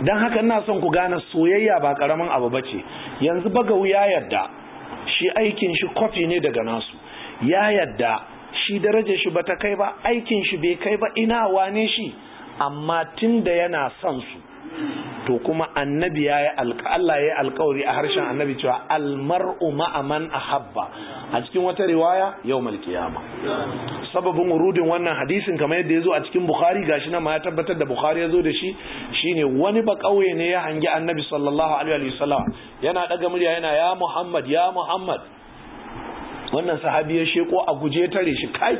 don haka ina son ku gane soyayya ba karamin abu bace ce yanzu Bagawu ya yadda shi aikin shi kwafi ne daga nasu ya yadda shi daraja shi bata kai ba aikin shi bai kai ba ina wane shi amma tun da yana son su to kuma annabi ya yi Allah ya yi alkawari a harshen annabi cewa almar'u ma'aman ahabba a cikin wata riwaya yau malkiyama sababin urudin wannan hadisin kamar yadda ya zo a cikin bukhari gashi na ma ya tabbatar da bukhari ya zo da shi shine wani ba kauye ne ya hangi annabi sallallahu alaihi wasallam yana daga murya yana ya muhammad ya muhammad wannan sahabi ya sheko a guje tare shi kai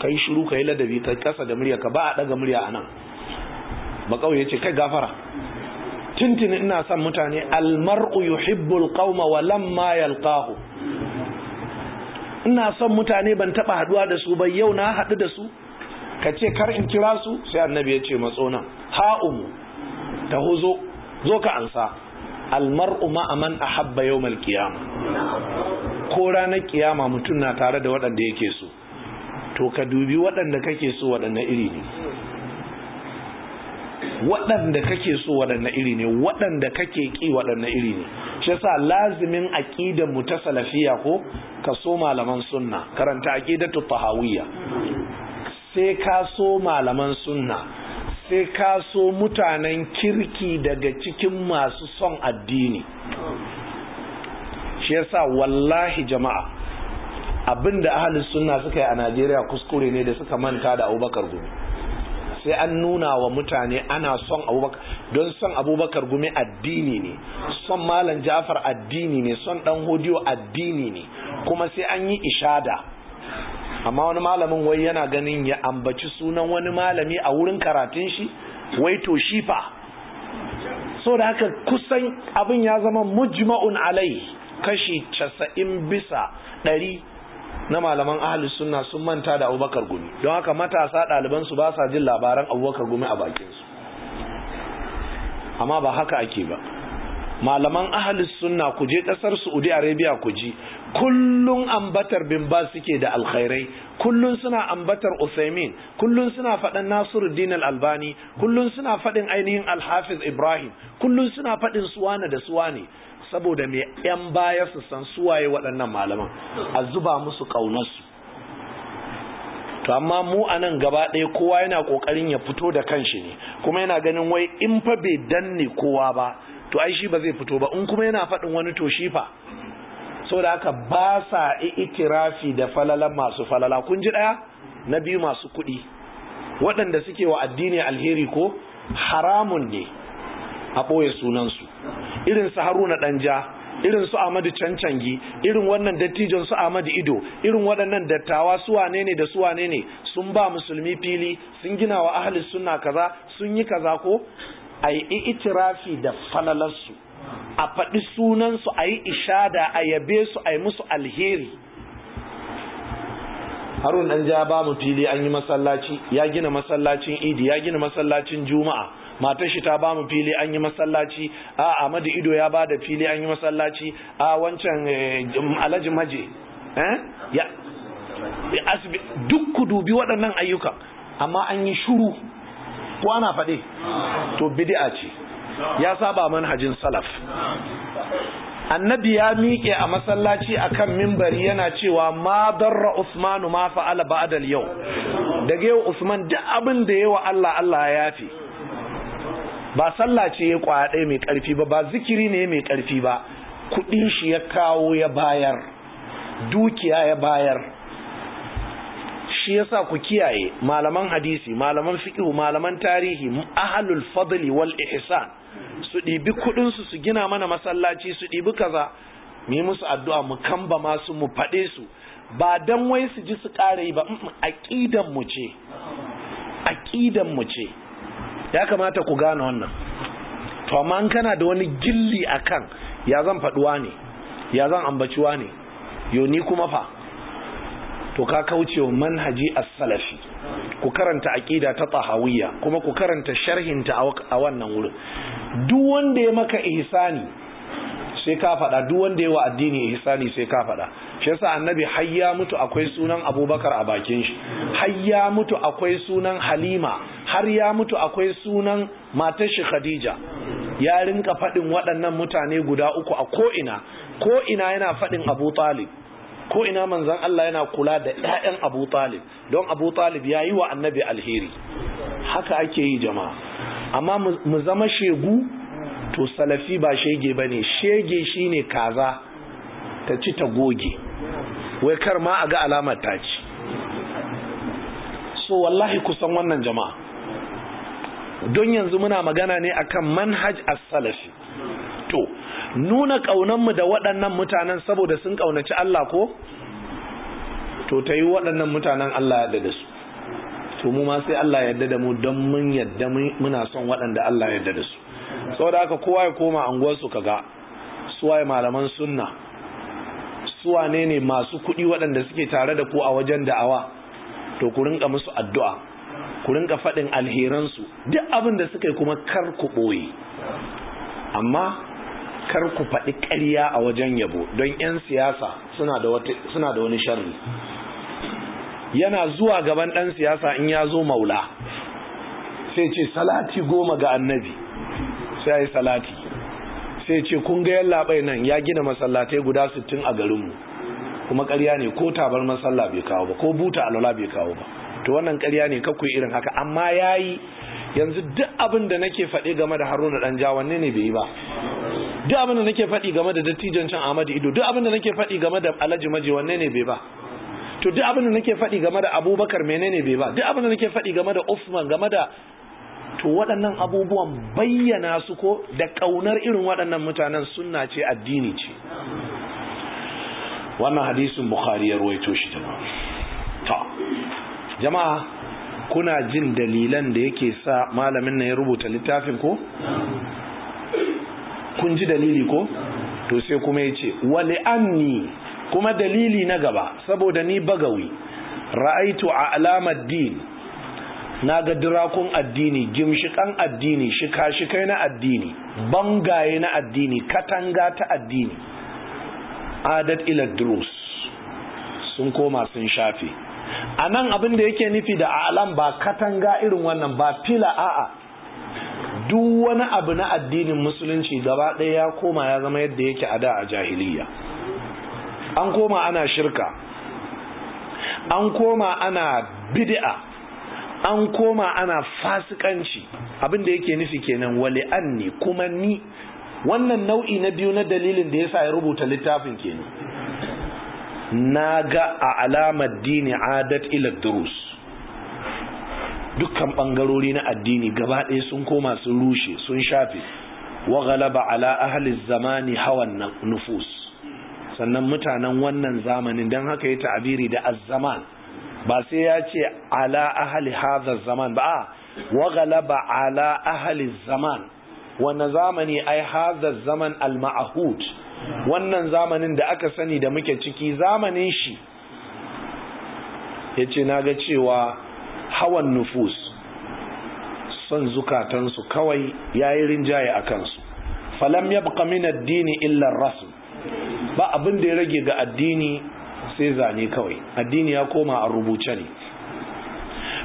kai shiru kai ladabi kai kasa da murya ka ba a daga murya anan ya ce kai gafara tintini ina son mutane almar'u yuhibbul qauma wa lamma yalqahu ina son mutane ban taba haduwa da su ba yau na hadu da su kace ce kar in kira su sai annabi ya ce matso nan um ta zo zo ka ansa almar'u ma man ahabba yawmal qiyam ko ranar kiyama mutum na tare da waɗanda yake so to ka dubi waɗanda kake so waɗanda iri ne waɗanda kake so waɗanne iri ne waɗanda kake ƙi waɗanne iri ne shi yasa lazimin aqidan mu ta salafiya ko ka so malaman sunna karanta aqidatu tahawiyya sai ka so malaman sunna sai ka so mutanen kirki daga cikin masu son addini shi yasa wallahi jama'a abinda ahalus sunna suka yi a Najeriya kuskure ne da suka manta da Abubakar Gumi sai an nuna wa mutane ana son abubakar don son abubakar gumi addini ne son malam jafar addini ne son dan hodiyo addini ne kuma sai an yi ishada amma wani malamin wai yana ganin ya ambaci sunan wani malami a wurin karatun shi wai to shi fa so da haka kusan abin ya zama mujma'un alai kashi casa'in bisa ɗari na malaman ahli sunna sun manta da abubakar gumi don haka matasa ɗaliban su ba sa jin labaran abubakar gumi a bakinsu amma ba haka ake ba malaman ahli sunna ku je ƙasar saudi arabia ku ji kullun ambatar bin ba suke da alkhairai kullun suna ambatar usaimin kullun suna faɗin nasiruddin albani kullun suna faɗin ainihin alhafiz ibrahim kullun suna faɗin suwana da suwane saboda mai yan baya su san suwaye waɗannan malaman a zuba musu ƙaunarsu to amma mu a nan gaba ɗaya kowa yana ƙoƙarin ya fito da kanshi ne kuma yana ganin wai in fa bai danne kowa ba to ai shi ba zai fito ba in kuma yana faɗin wani to shi fa saboda haka ba sa itirafi da falala masu falala kun ji ɗaya na biyu masu kuɗi waɗanda suke wa addini alheri ko haramun ne a ɓoye sunansu irin su haruna ɗanja irin su amadu cancangi irin wannan dattijon su amadu ido irin waɗannan dattawa su wane ne da su wane ne sun ba musulmi fili sun gina wa ahli sunna kaza sun yi kaza ko a yi itirafi da falalarsu a faɗi sunansu a yi ishada a yabe su a yi musu alheri harun ɗan ja ba mu fili an yi masallaci ya gina masallacin idi ya gina masallacin juma'a matar shi ta bamu fili an yi masallaci a amadu Ido ya bada fili an yi masallaci a wancan eh, Alhaji Maje eh? duk ku dubi waɗannan ayyuka amma an yi shuru ko ana faɗe to bid'a ce ya saba manhajin salaf annabi ya miƙe a masallaci akan mimbari yana cewa ma darra usmanu ma fa'ala ba'adal yau daga yau usman duk abin da yawa Allah Allah ya yafi ba sallah ce ya kwaya ɗaya mai ƙarfi ba ba zikiri ne mai ƙarfi ba kuɗin shi ya kawo ya bayar dukiya ya bayar shi yasa ku kiyaye malaman hadisi malaman fiqh malaman tarihi ahlul fadli wal ihsan su ɗibi kuɗin su gina mana masallaci su ɗibi kaza mu yi musu addu'a mu kamba masu mu faɗe su ba dan wai su ji su ƙara yi ba mm, aqidan mu ce aqidan mu ce ya kamata ku gane wannan to amma an kana da wani gilli akan ya zan faduwa ne ya zan ambaciwa ne yo ni kuma fa to ka kaucewa manhaji as-salafi ku karanta aqida ta tahawiyya kuma ku karanta sharhin ta a wannan wurin duk wanda ya maka ihsani sai ka faɗa duk wanda yawa addini ya hisani sai ka faɗa shi yasa annabi har ya mutu akwai sunan abubakar a bakin shi har ya mutu akwai sunan halima har ya mutu akwai sunan matar shi khadija ya rinka faɗin waɗannan mutane guda uku a ko'ina ko'ina yana faɗin abu talib ko ina manzan Allah yana kula da 'ya'yan Abu Talib don Abu Talib ya yi wa annabi alheri haka ake yi jama'a amma mu zama shegu to salafi ba shege ba ne shege shi ne kaza ta ci ta goge wai kar ma a ga alamar ta ci so wallahi kusan wannan jama'a don yanzu muna magana ne akan manhaj a salafi to nuna kaunanmu da waɗannan mutanen saboda sun kaunaci Allah ko to ta yi waɗannan mutanen Allah ya da su to mu ma sai Allah ya da mu don mun yadda muna son waɗanda Allah ya da su saboda haka kowa ya koma anguwarsu kaga suwaye malaman sunna suwane ne masu kuɗi waɗanda suke tare da ku a wajen da'awa to ku rinka musu addu'a ku rinka faɗin alheransu duk abin da suka yi kuma kar ku ɓoye amma kar ku faɗi ƙarya a wajen yabo don 'yan siyasa suna da wani sharri yana zuwa gaban ɗan siyasa in ya zo maula sai ce salati goma ga annabi sai yi salati sai ce kun ga yalla bai nan ya gina masallatai guda 60 a garin mu kuma ƙarya ne ko tabar masalla bai kawo ba ko buta alwala bai kawo ba to wannan ƙarya ne kakkui irin haka amma yayi yanzu duk abin da nake faɗi game da Haruna dan jawanne ne bai yi ba duk abin da nake faɗi game da dattijan can Ahmadu Ido duk abin da nake faɗi game da Alhaji Maji wanne ne bai ba to duk abin da nake faɗi game da Abubakar menene bai ba duk abin da nake faɗi game da Usman game da to waɗannan abubuwan bayyana su ko da ƙaunar irin waɗannan mutanen suna ce addini ce wannan hadisun bukari ya ruwaito shi ta jama'a kuna jin dalilan da yake sa malamin na ya rubuta littafin ko kun ji dalili ko to sai kuma ya ce an anni kuma dalili na gaba saboda ni bagawi ra'aitu a alamar din na ga dirakun addini gimshikan addini shikashikai na addini bangaye na addini katanga ta addini adat ila drus sun koma sun shafe a nan abin da yake nufi da alam ba katanga irin wannan ba fila a'a duk wani abu na addinin musulunci gaba ɗaya ya koma ya zama yadda yake a da a jahiliya an koma ana shirka an koma ana bid'a an koma ana fasikanci abin da yake nufi kenan an anni kuma ni wannan nau'i na biyu na dalilin da ya sa ya rubuta littafin kenan na ga a alamar dini adat ila durus dukkan bangarori na addini gaba ɗaya sun koma sun rushe sun shafe wa galaba ala ahli zamani hawan nufus sannan mutanen wannan zamanin don haka ya ta'abiri da az-zaman ba sai ya ce ala ahali hadha zaman ba a wa ghalaba ala ahali zaman wannan zamani ai hadha zaman al wannan zamanin da aka sani da muke ciki zamanin shi yace ga cewa hawan nufus son zukatansu kawai yayi rinjaye a kansu falam yabqa min ad-din illa ar-rasm ba abin da ya rage ga addini sai zane kawai addini ya koma a rubuce ne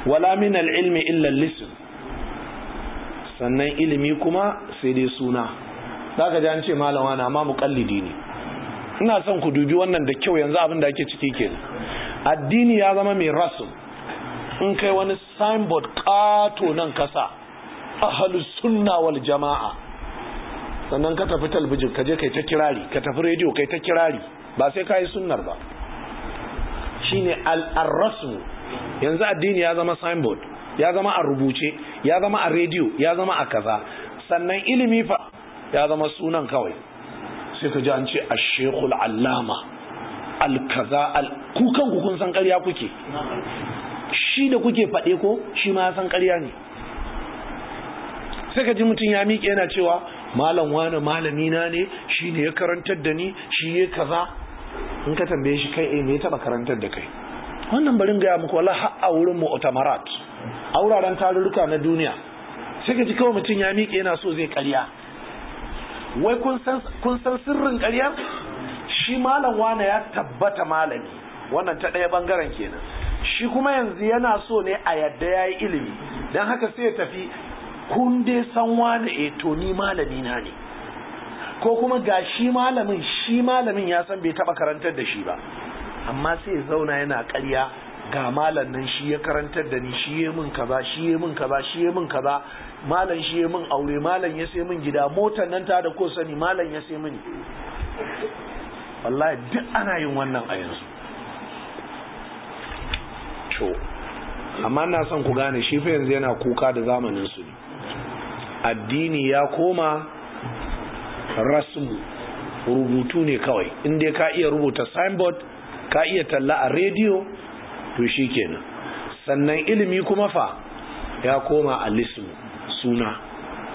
wala min ilmi illa lisan sannan ilimi kuma sai dai suna zaka ji an ce malama na ma muqallidi ne ina son ku dubi wannan da kyau yanzu abin da ake ciki ke addini ya zama mai rasul in kai wani signboard kato nan kasa ahlus sunna wal jamaa sannan ka tafi talbijin ka je kai ta kirari ka tafi rediyo kai ta kirari ba sai ka yi sunnar ba shine al-rasmu yanzu addini ya zama signboard ya zama a rubuce ya zama a rediyo ya zama a kaza sannan ilimi fa ya zama sunan kawai sai ka ji an ce ashekul allama alkaza kukan kun san karya kuke shi da kuke fade ko shi ma san karya ne sai ka ji mutum ya miƙe yana cewa malam wani malami na ne shi ne ya karantar da ni shi ya kaza in ka tambaye shi kai eh, me ya taba karantar da kai wannan barin gaya muku wala har a wurin mu'tamarat a wuraren tarurruka na duniya sai ka ji kawai mutum ya miƙe yana so zai ƙarya wai kun san sirrin ƙarya shi malam wane ya tabbata malami wannan ta ɗaya bangaren kenan shi kuma yanzu yana so ne a yadda ya yi ilimi don haka sai ya tafi kun dai san wane eto eh, ni malami na ne ko kuma ga shi malamin shi malamin ya san bai taba karantar da shi ba amma sai ya zauna yana ƙarya ga malam nan shi ya karantar da ni shi ya min kaza shi ya min kaza shi ya min kaza malam shi ya min aure malam ya sai min gida motar nan ta da ko sani malam ya sai min wallahi duk ana yin wannan a yanzu to amma na son ku gane shi fa yanzu yana kuka da zamanin su addini ya koma rasmu rubutu ne kawai inda ka iya rubuta signboard ka iya talla a rediyo to shi kenan sannan ilimi kuma fa ya koma a lismu suna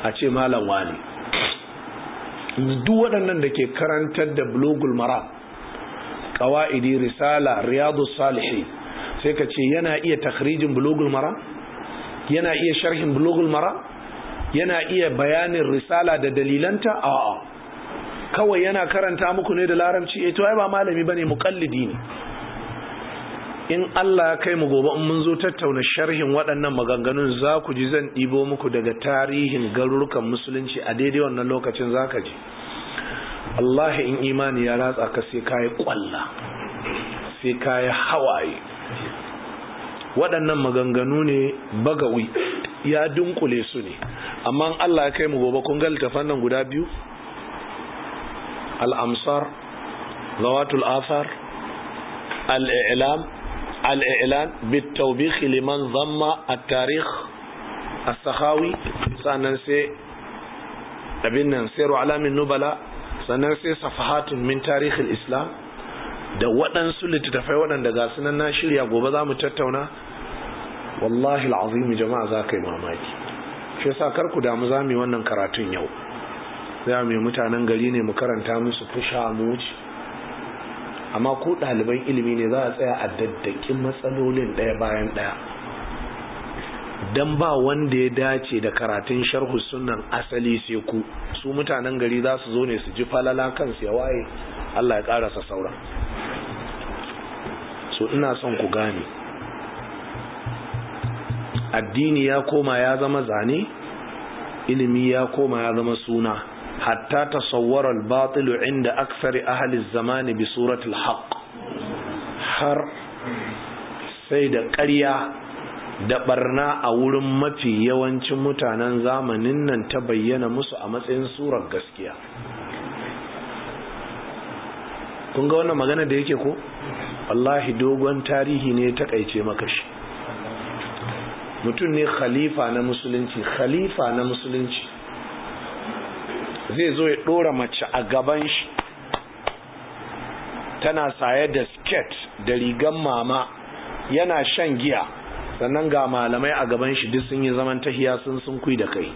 a ce malam wani duk waɗannan da ke karantar da blogul mara ƙawa'idi risala riyadu salihi sai ka ce yana iya takhrijin blogul mara yana iya sharhin blogul mara yana iya bayanin risala da dalilanta a'a kawai yana karanta muku ne da larabci E, to ai ba malami bane muqallidi ne in Allah ya kai mu gobe in mun zo tattauna sharhin waɗannan maganganun za ku ji zan ɗibo muku daga tarihin garurukan musulunci a daidai wannan lokacin za ka ji Allah in imani ya ratsa ka sai ka yi ƙwalla sai ka yi hawaye waɗannan maganganu ne bagawi ya dunkule su ne amma Allah ya kai mu gobe kun ga littafan guda biyu al-amsar zawatul athar al-i'lam al-i'lan bit-tawbikh liman dhamma at-tarikh as-sakhawi sannan sai abin nan sayru alamin nubala sannan sai safahatun min tarikh al-islam da waɗansu littattafai waɗanda ga sunan na shirya gobe za mu tattauna wallahi alazim jama'a za ka yi mamaki shi sa kar ku damu za mu wannan karatun yau za mu mutanen gari ne mu karanta musu fusha mu wuce amma ko ɗaliban ilimi ne za a tsaya a daddakin matsalolin ɗaya bayan ɗaya Don ba wanda ya dace da karatun sharhu sunan asali sai ku su mutanen gari za su zo ne su ji falala kansu ya waye Allah ya karasa sauran so ina son ku gane addini ya koma ya zama zane ilimi ya koma ya zama suna hatta tasawwara al-batil inda akthari ahli az-zaman bi surati al-haq har sai da ƙarya da barna a wurin mafi yawancin mutanen zamanin nan ta bayyana musu a matsayin surar gaskiya kun ga wannan magana da yake ko wallahi dogon tarihi ne ta kaice maka shi mutum ne khalifa na musulunci khalifa na musulunci zai zo ya ɗora mace a gaban shi tana saye da skirt da rigan mama yana shan giya sannan ga malamai a gaban shi duk sun yi zaman tahiya sun sun kui da kai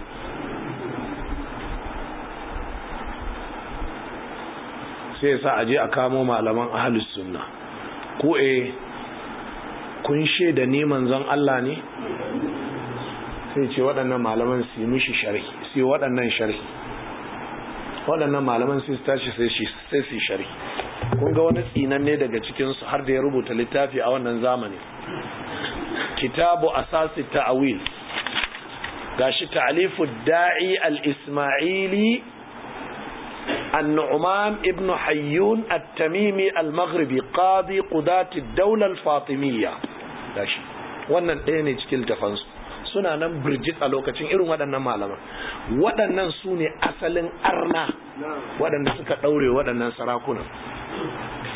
sai sa aje a kamo malaman ahlus sunna ko eh kun da ni manzon Allah ne sai ce waɗannan malaman su yi mishi sharhi su waɗannan sharhi waɗannan malaman su tashi sai su yi sharhi kun ga wani ne daga cikinsu har da ya rubuta littafi a wannan zamani kitabu asasi ta'awil gashi ta'alifu da'i al-ismaili النعمان ابن حيون التميمي المغربي قاضي قضاة الدولة الفاطمية داشي wannan ɗaya ne cikin littafansu suna nan birjit a lokacin irin waɗannan malaman waɗannan su ne asalin arna waɗanda suka ɗaure waɗannan sarakunan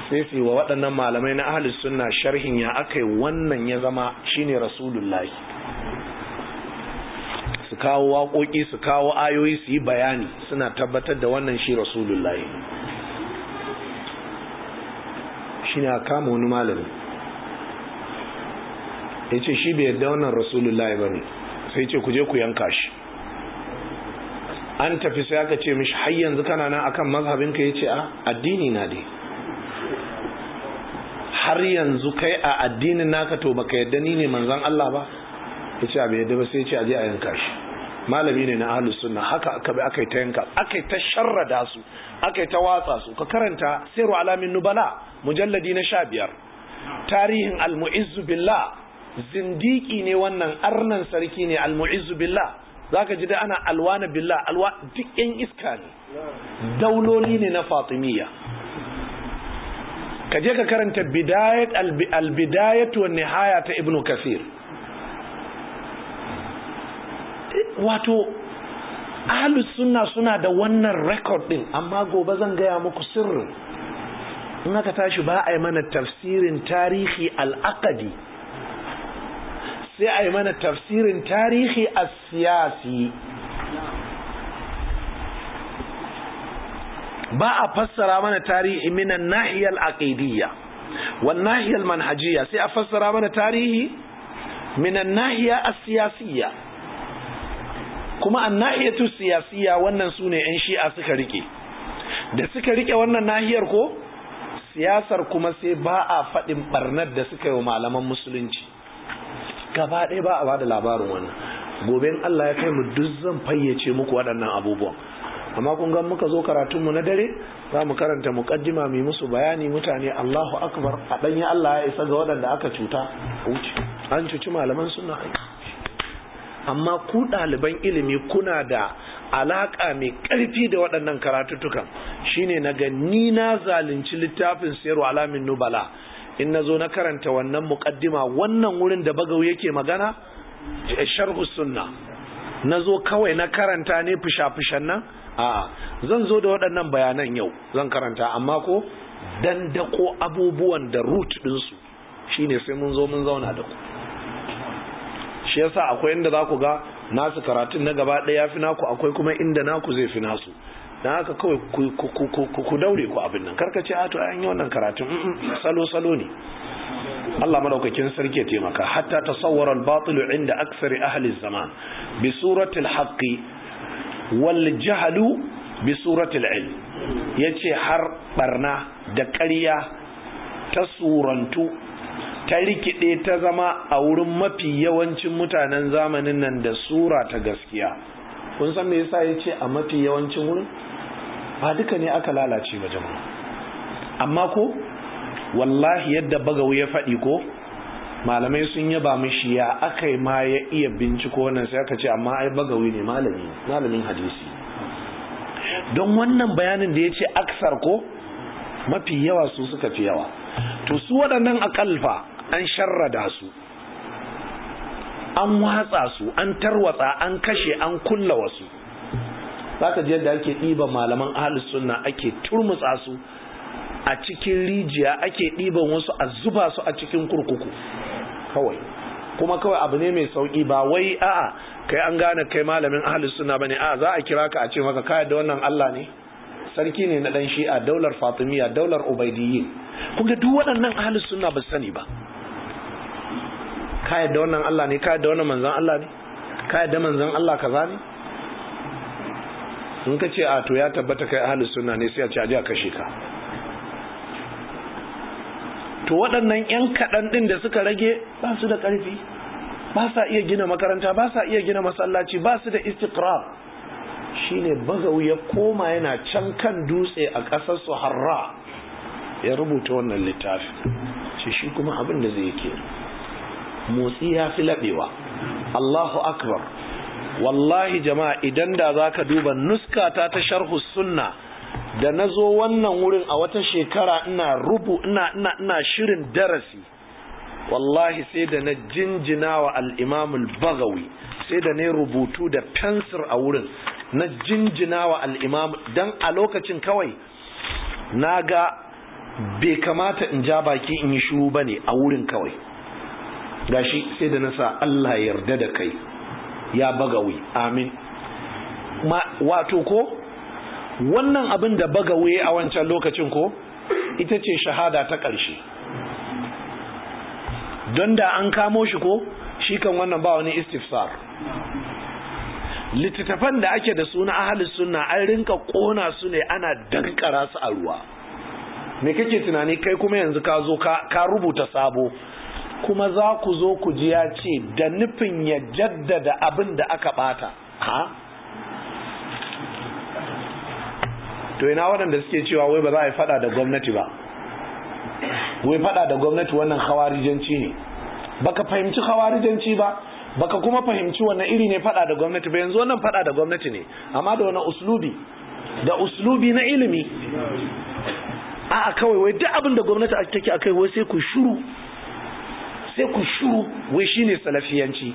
sai wa waɗannan malamai na ahalus sunna sharhin ya aka yi wannan ya zama shine rasulullahi kawo waƙoƙi su kawo ayoyi su yi bayani suna tabbatar da wannan shi rasulullahi shi ne a kama wani malami ya ce shi bai yadda wannan rasulullahi ba ne sai ce ku je ku yanka shi an tafi sai aka ce mishi har yanzu kana nan akan mazhabinka ya ce a ah, addini na dai har yanzu kai a addinin naka to baka yadda ni ne manzan Allah ba Ya a bai yadda ba sai ce a je a yanka shi malami ne na ahlus sunna haka aka bi aka ta yanka aka ta sharrada su aka ta watsa su ka karanta sirru alamin nubala mujalladi na sha biyar tarihin almu'izzu billah zindiki ne wannan arnan sarki ne almu'izzu billah zaka ji da ana alwana billah alwa duk yan iska ne dauloli ne na fatimiyya ka je ka karanta bidayat albidayat wa nihaya ta ibnu kasir wato ahlus sunna suna da wannan record din amma gobe zan gaya muku sirrin in aka tashi ba a yi mana tafsirin tarihi al'akadi sai a yi mana tafsirin tarihi a siyasi ba a fassara mana tarihi minan nahiyar aqidiyya wa nahiyar manhajiyya sai a fassara mana tarihi minan nahiyar a siyasiyya kuma an na'iyatu siyasiya wannan su ne 'yan shi'a suka rike da suka rike wannan nahiyar ko siyasar kuma sai ba a faɗin barnar da suka yi wa malaman musulunci gaba ɗaya ba a ba da labarin wannan gobe in Allah ya kai mu duk zan fayyace muku waɗannan abubuwan amma kun ga muka zo karatun mu na dare za mu karanta muqaddima mai musu bayani mutane Allahu akbar a danyi Allah ya isa ga waɗanda aka cuta wuce an cuci malaman sunna amma ku ɗaliban ilimi kuna da alaƙa mai ƙarfi da waɗannan karatuttukan shine na ga ni na zalunci littafin sayarwa alamin nubala in na zo na karanta wannan muƙaddima wannan wurin da bagau yake magana eh, sharhu sunna na zo kawai na karanta ne fisha-fishan nan a zan zo da waɗannan bayanan yau zan karanta amma ko dandako abubuwan da root ɗinsu shine sai mun zo mun zauna da ku shi yasa akwai inda za ku ga nasu karatun na gaba ɗaya fi naku akwai kuma inda naku zai fi nasu don haka kawai ku daure ku abin nan karkace a ah, to an yi wannan karatun mm, mm, mm. salo salo ne Allah madaukakin sarki ya taimaka hatta tasawwara al-batil inda aksari ahli zaman bi suratul haqqi wal jahlu bi suratul il, ilm yace har barna da ƙarya ta surantu ta rikide ta zama a wurin mafi yawancin mutanen zamanin nan da sura ta gaskiya kun san me yasa ya ce a mafi yawancin wurin ba duka ne aka lalace ba jama'a amma ko wallahi yadda bagawu ya faɗi ko malamai sun yaba mishi ya aka ma ya iya binciko wannan sai aka ce amma ai bagawi ne malami malamin hadisi don wannan bayanin da ya ce aksar ko mafi yawa su suka fi yawa to su waɗannan akalfa an sharrada su an watsa su an tarwatsa an kashe an kulla wasu ka ji yadda ake ɗiba malaman ahlus sunna ake turmutsa su a cikin rijiya ake ɗiban wasu a zuba su a cikin kurkuku kawai kuma kawai abu ne mai sauki ba wai a'a kai an gane kai malamin ahlus sunna ne a'a za a kira ka a ce maka ka da wannan Allah ne sarki ne na dan shi'a daular fatimiyya daular ubaidiyyi kun ga duk waɗannan ahlus sunna ba sani ba ka yadda wannan Allah ne ka yadda wannan manzon Allah ne ka yadda manzon Allah kaza ne in ka ce a to ya tabbata kai ahlus sunna ne sai a ce a je a kashe ka to waɗannan yan kaɗan ɗin da suka rage ba su da ƙarfi ba sa iya gina makaranta ba sa iya gina masallaci ba su da istiqrar shine bagawi ya koma yana can kan dutse a ƙasar su harra ya rubuta wannan littafi shi shi kuma abin da zai ke motsi ya fi laɓewa Allahu akbar wallahi jama'a idan da za ka duba nuskata ta sharhu sunna da na zo wannan wurin a wata shekara ina rubu ina ina ina shirin darasi wallahi sai da na jinjina wa al'imamul bagawi sai da na rubutu da fensir a wurin na jinjinawa al'imam don a lokacin kawai na ga bai kamata in ja baki in yi shuru ba ne a wurin kawai gashi sai da nasa Allah ya yarda da kai ya bagawi amin wato ko wannan abin da bagawi a wancan lokacin ko ita ce shahada ta ƙarshe don da an kamo shi ko shi kan wannan ba wani istifsar littattafan da ake da suna ahalin suna an rinka kona su ne ana dankara su a ruwa me kake tunani kai kuma yanzu ka zo ka rubuta sabo kuma za ku zo ku ji ya ce da nufin ya jaddada abin da aka bata ha to ina waɗanda suke cewa wai ba za a yi fada da gwamnati ba wai fada da gwamnati wannan hawarijanci ne baka fahimci hawarijanci ba baka kuma fahimci wannan iri ne fada da gwamnati ba yanzu wannan fada da gwamnati ne amma da wani uslubi da uslubi na ilimi a'a kawai wai duk abin da gwamnati take kai wai sai ku shuru sai ku shuru wai shine salafiyanci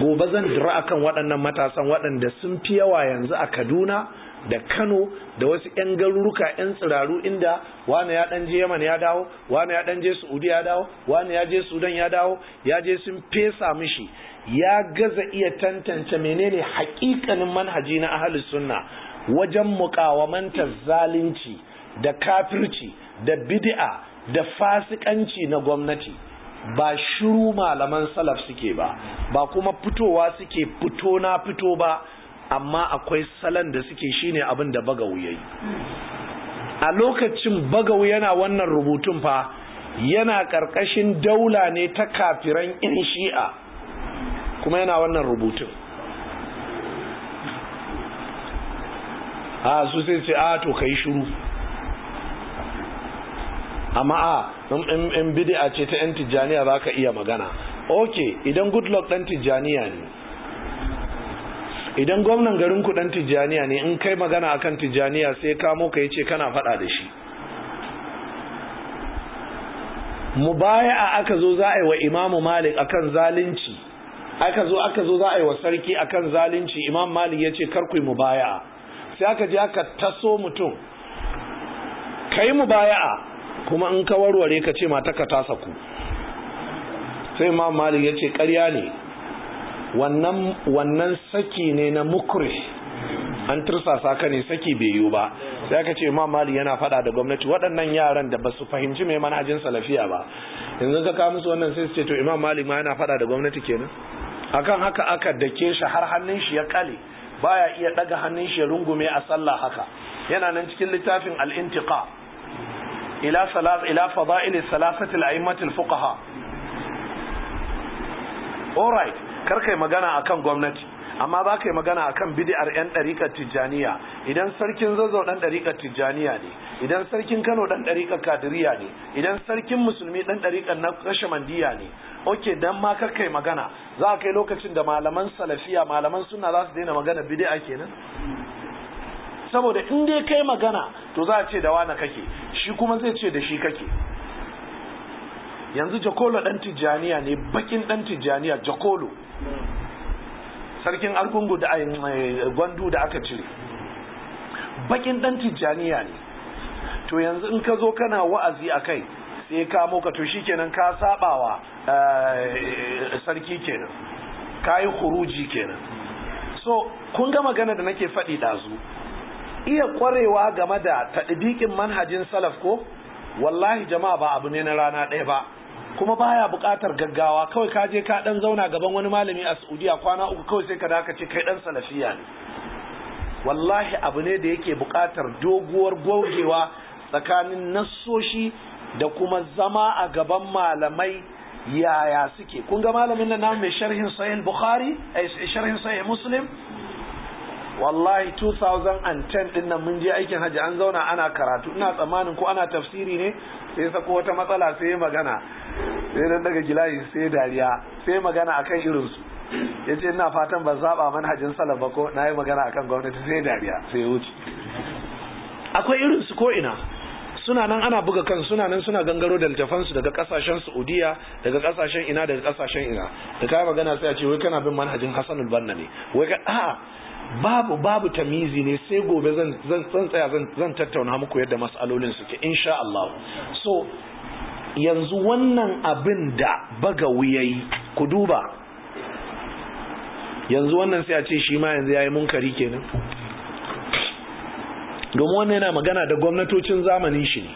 gobe zan dira kan waɗannan matasan waɗanda sun fi yawa yanzu a Kaduna da Kano da wasu 'yan garuruka 'yan tsiraru inda wani ya ɗan je Yaman ya dawo wani ya ɗan je Saudi ya dawo wani ya je Sudan ya dawo ya je sun fesa mishi ya gaza iya tantance menene haƙiƙanin manhaji na ahalus sunna wajen muƙawamanta zalunci da kafirci da bid'a da fasikanci na gwamnati ba shiru malaman salaf suke ba ba kuma fitowa suke fito na fito ba amma akwai salon da suke shine abin da bagawu yayi a lokacin bagawu yana wannan rubutun fa yana ƙarƙashin daula ne ta kafiran 'yan shi'a kuma yana wannan rubutun a su sai ce a to kai shiru amma a in bid'a ce ta yan tijjaniya za ka iya magana ok idan good luck dan tijjaniya ne idan gwamnan garin ku tijjaniya ne in kai magana akan tijjaniya sai kamo ka yace kana fada da shi Mu a aka zo za a yi wa imamu malik akan zalunci aka zo aka zo za a yi wa sarki akan zalunci imam malik ya ce karku mu mubaya sai aka je aka taso mutum ka yi mu kuma in ka warware ka ce mata ka tasa ku sai imam malik ya ce karya ne wannan saki ne na mukure an tursasa ka ne saki bai yiwu ba sai aka ce imam malik yana fada da gwamnati waɗannan yaran da ba su fahimci mai manajinsa lafiya ba yanzu ka kawo musu wannan sai su ce to imam mali ma yana fada da gwamnati kenan akan haka aka dake shi har hannun shi ya kale baya iya daga hannun shi ya rungume a sallah haka yana nan cikin littafin al-intiqa ila salat ila fada'il salafati al-a'immat al-fuqaha all right kar kai magana akan gwamnati amma ba ka yi magana a kan bidiyar 'yan ɗariƙar tijjaniya idan sarkin zazzau ɗan ɗariƙar tijjaniya ne idan sarkin kano ɗan ɗariƙar kadiriya ne idan sarkin musulmi ɗan ɗariƙar na kashe ne oke dan ma ka kai magana za a kai lokacin da malaman salafiya malaman suna za su daina magana bidi'a kenan saboda in dai kai magana to za a ce da wani kake shi kuma zai ce da shi kake yanzu jakolo ɗan tijjaniya ne bakin ɗan tijjaniya jakolo sarkin argungu da gwandu da aka cire bakin dan tijjaniya ne to yanzu in ka zo kana wa'azi a kai sai ka moka to shi kenan ka sabawa eh, sarki kenan ka yi huruji kenan so kun ga magana da nake faɗi ɗazu iya ƙwarewa game da taɗibikin manhajin salaf ko wallahi jama'a ba abu ne na rana ɗaya ba kuma baya buƙatar gaggawa kawai ka je ka dan zauna gaban wani malami a Saudiya kwana uku kawai sai ka da ce kai dan salafiya ne wallahi abu ne da yake buƙatar doguwar gogewa tsakanin nassoshi da kuma zama a gaban malamai yaya suke kun ga malamin nan mai sharhin sahih bukhari ai eh, sharhin sahih muslim wallahi 2010 din nan mun je aikin hajji an zauna ana karatu ina tsammanin ko ana tafsiri ne sai ya sako wata matsala sai magana sai nan daga gilayi sai dariya sai magana akan irin su yace ina fatan ban zaba manhajin salaf ba ko nayi magana akan gwamnati sai dariya sai wuce akwai irin su ko ina suna nan ana buga kan suna nan suna gangaro da su daga kasashen Saudiya daga kasashen ina daga kasashen ina da kai magana sai a ce wai kana bin manhajin hasanul banna ne wai a babu babu tamizi ne sai gobe zan zan tsaya zan tattauna muku yadda mas'alolin suke insha Allah so yanzu wannan abin da bagawi yayi ku duba yanzu wannan sai a ce shi ma yanzu yayi munkari kenan domin wannan yana magana da gwamnatocin zamanin shi ne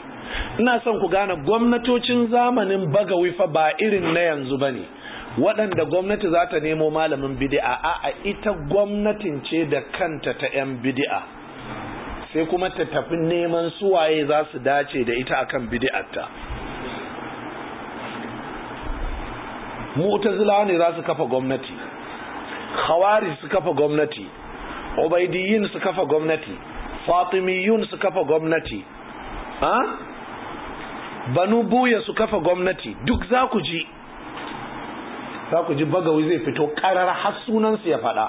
ina son ku gane gwamnatocin zamanin bagawi fa ba irin na yanzu bane waɗanda gwamnati za ta nemo malamin bidi'a a ita gwamnatin ce da kanta ta 'yan bidi'a sai kuma ta tafi neman suwaye za su dace da ita akan bidi'arta mu'tazila ne za su kafa gwamnati khawari su kafa gwamnati obaidiyin su kafa gwamnati fatimiyun su kafa gwamnati ah? banu buya su kafa gwamnati duk za ku ji za ku ji bagawi zai fito karar har sunansu ya faɗa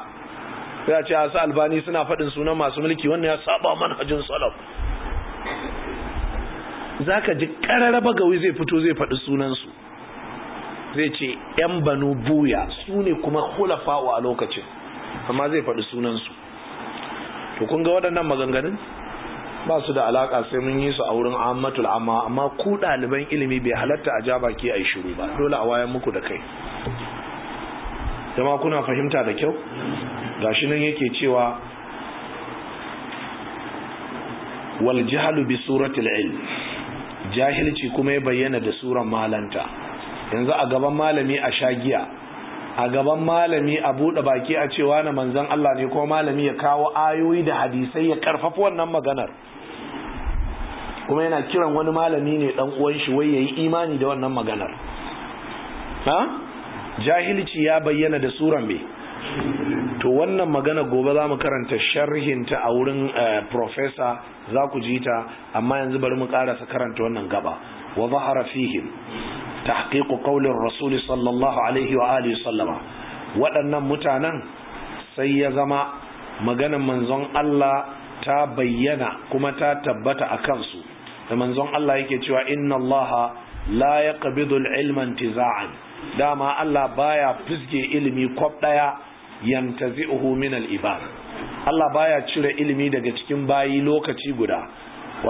ya ce hasu albani suna faɗin sunan masu mulki wannan ya saba manhajin salaf za ka ji karar bagawi zai fito zai faɗi sunansu zai ce yan banu buya su ne kuma hulafa'u a lokacin amma zai faɗi sunansu to kun ga waɗannan maganganun ba su da alaka sai mun yi su a wurin ahmadul amma amma ku ɗaliban ilimi bai halatta a ja baki a yi shiru ba dole a wayan muku da kai zama kuna fahimta da kyau shi nan yake cewa wal jahalu bi suratil ilm jahilci kuma ya bayyana da suran malanta yanzu a gaban malami a shagiya a gaban malami a buɗe baki a cewa na manzan Allah ne ko malami ya kawo ayoyi da hadisai ya karfafa wannan maganar kuma yana kiran wani malami ne dan uwan shi wai yayi imani da wannan maganar ha jahilci ya bayyana da suran me to wannan magana gobe za mu karanta sharhinta a wurin eh, profesa za ku ji ta amma yanzu bari mu karasa karanta wannan gaba wa zahara fihim tahqiqu qawlir rasul sallallahu alaihi wa alihi sallama waɗannan mutanen sai ya zama maganan manzon Allah ta bayyana kuma ta tabbata a kansu da manzon Allah yake cewa inna Allah la yaqbidu al-ilma intiza'an dama Allah baya fizge ilimi kwab daya yantazi'uhu min al-ibad Allah baya cire ilimi daga cikin bayi lokaci guda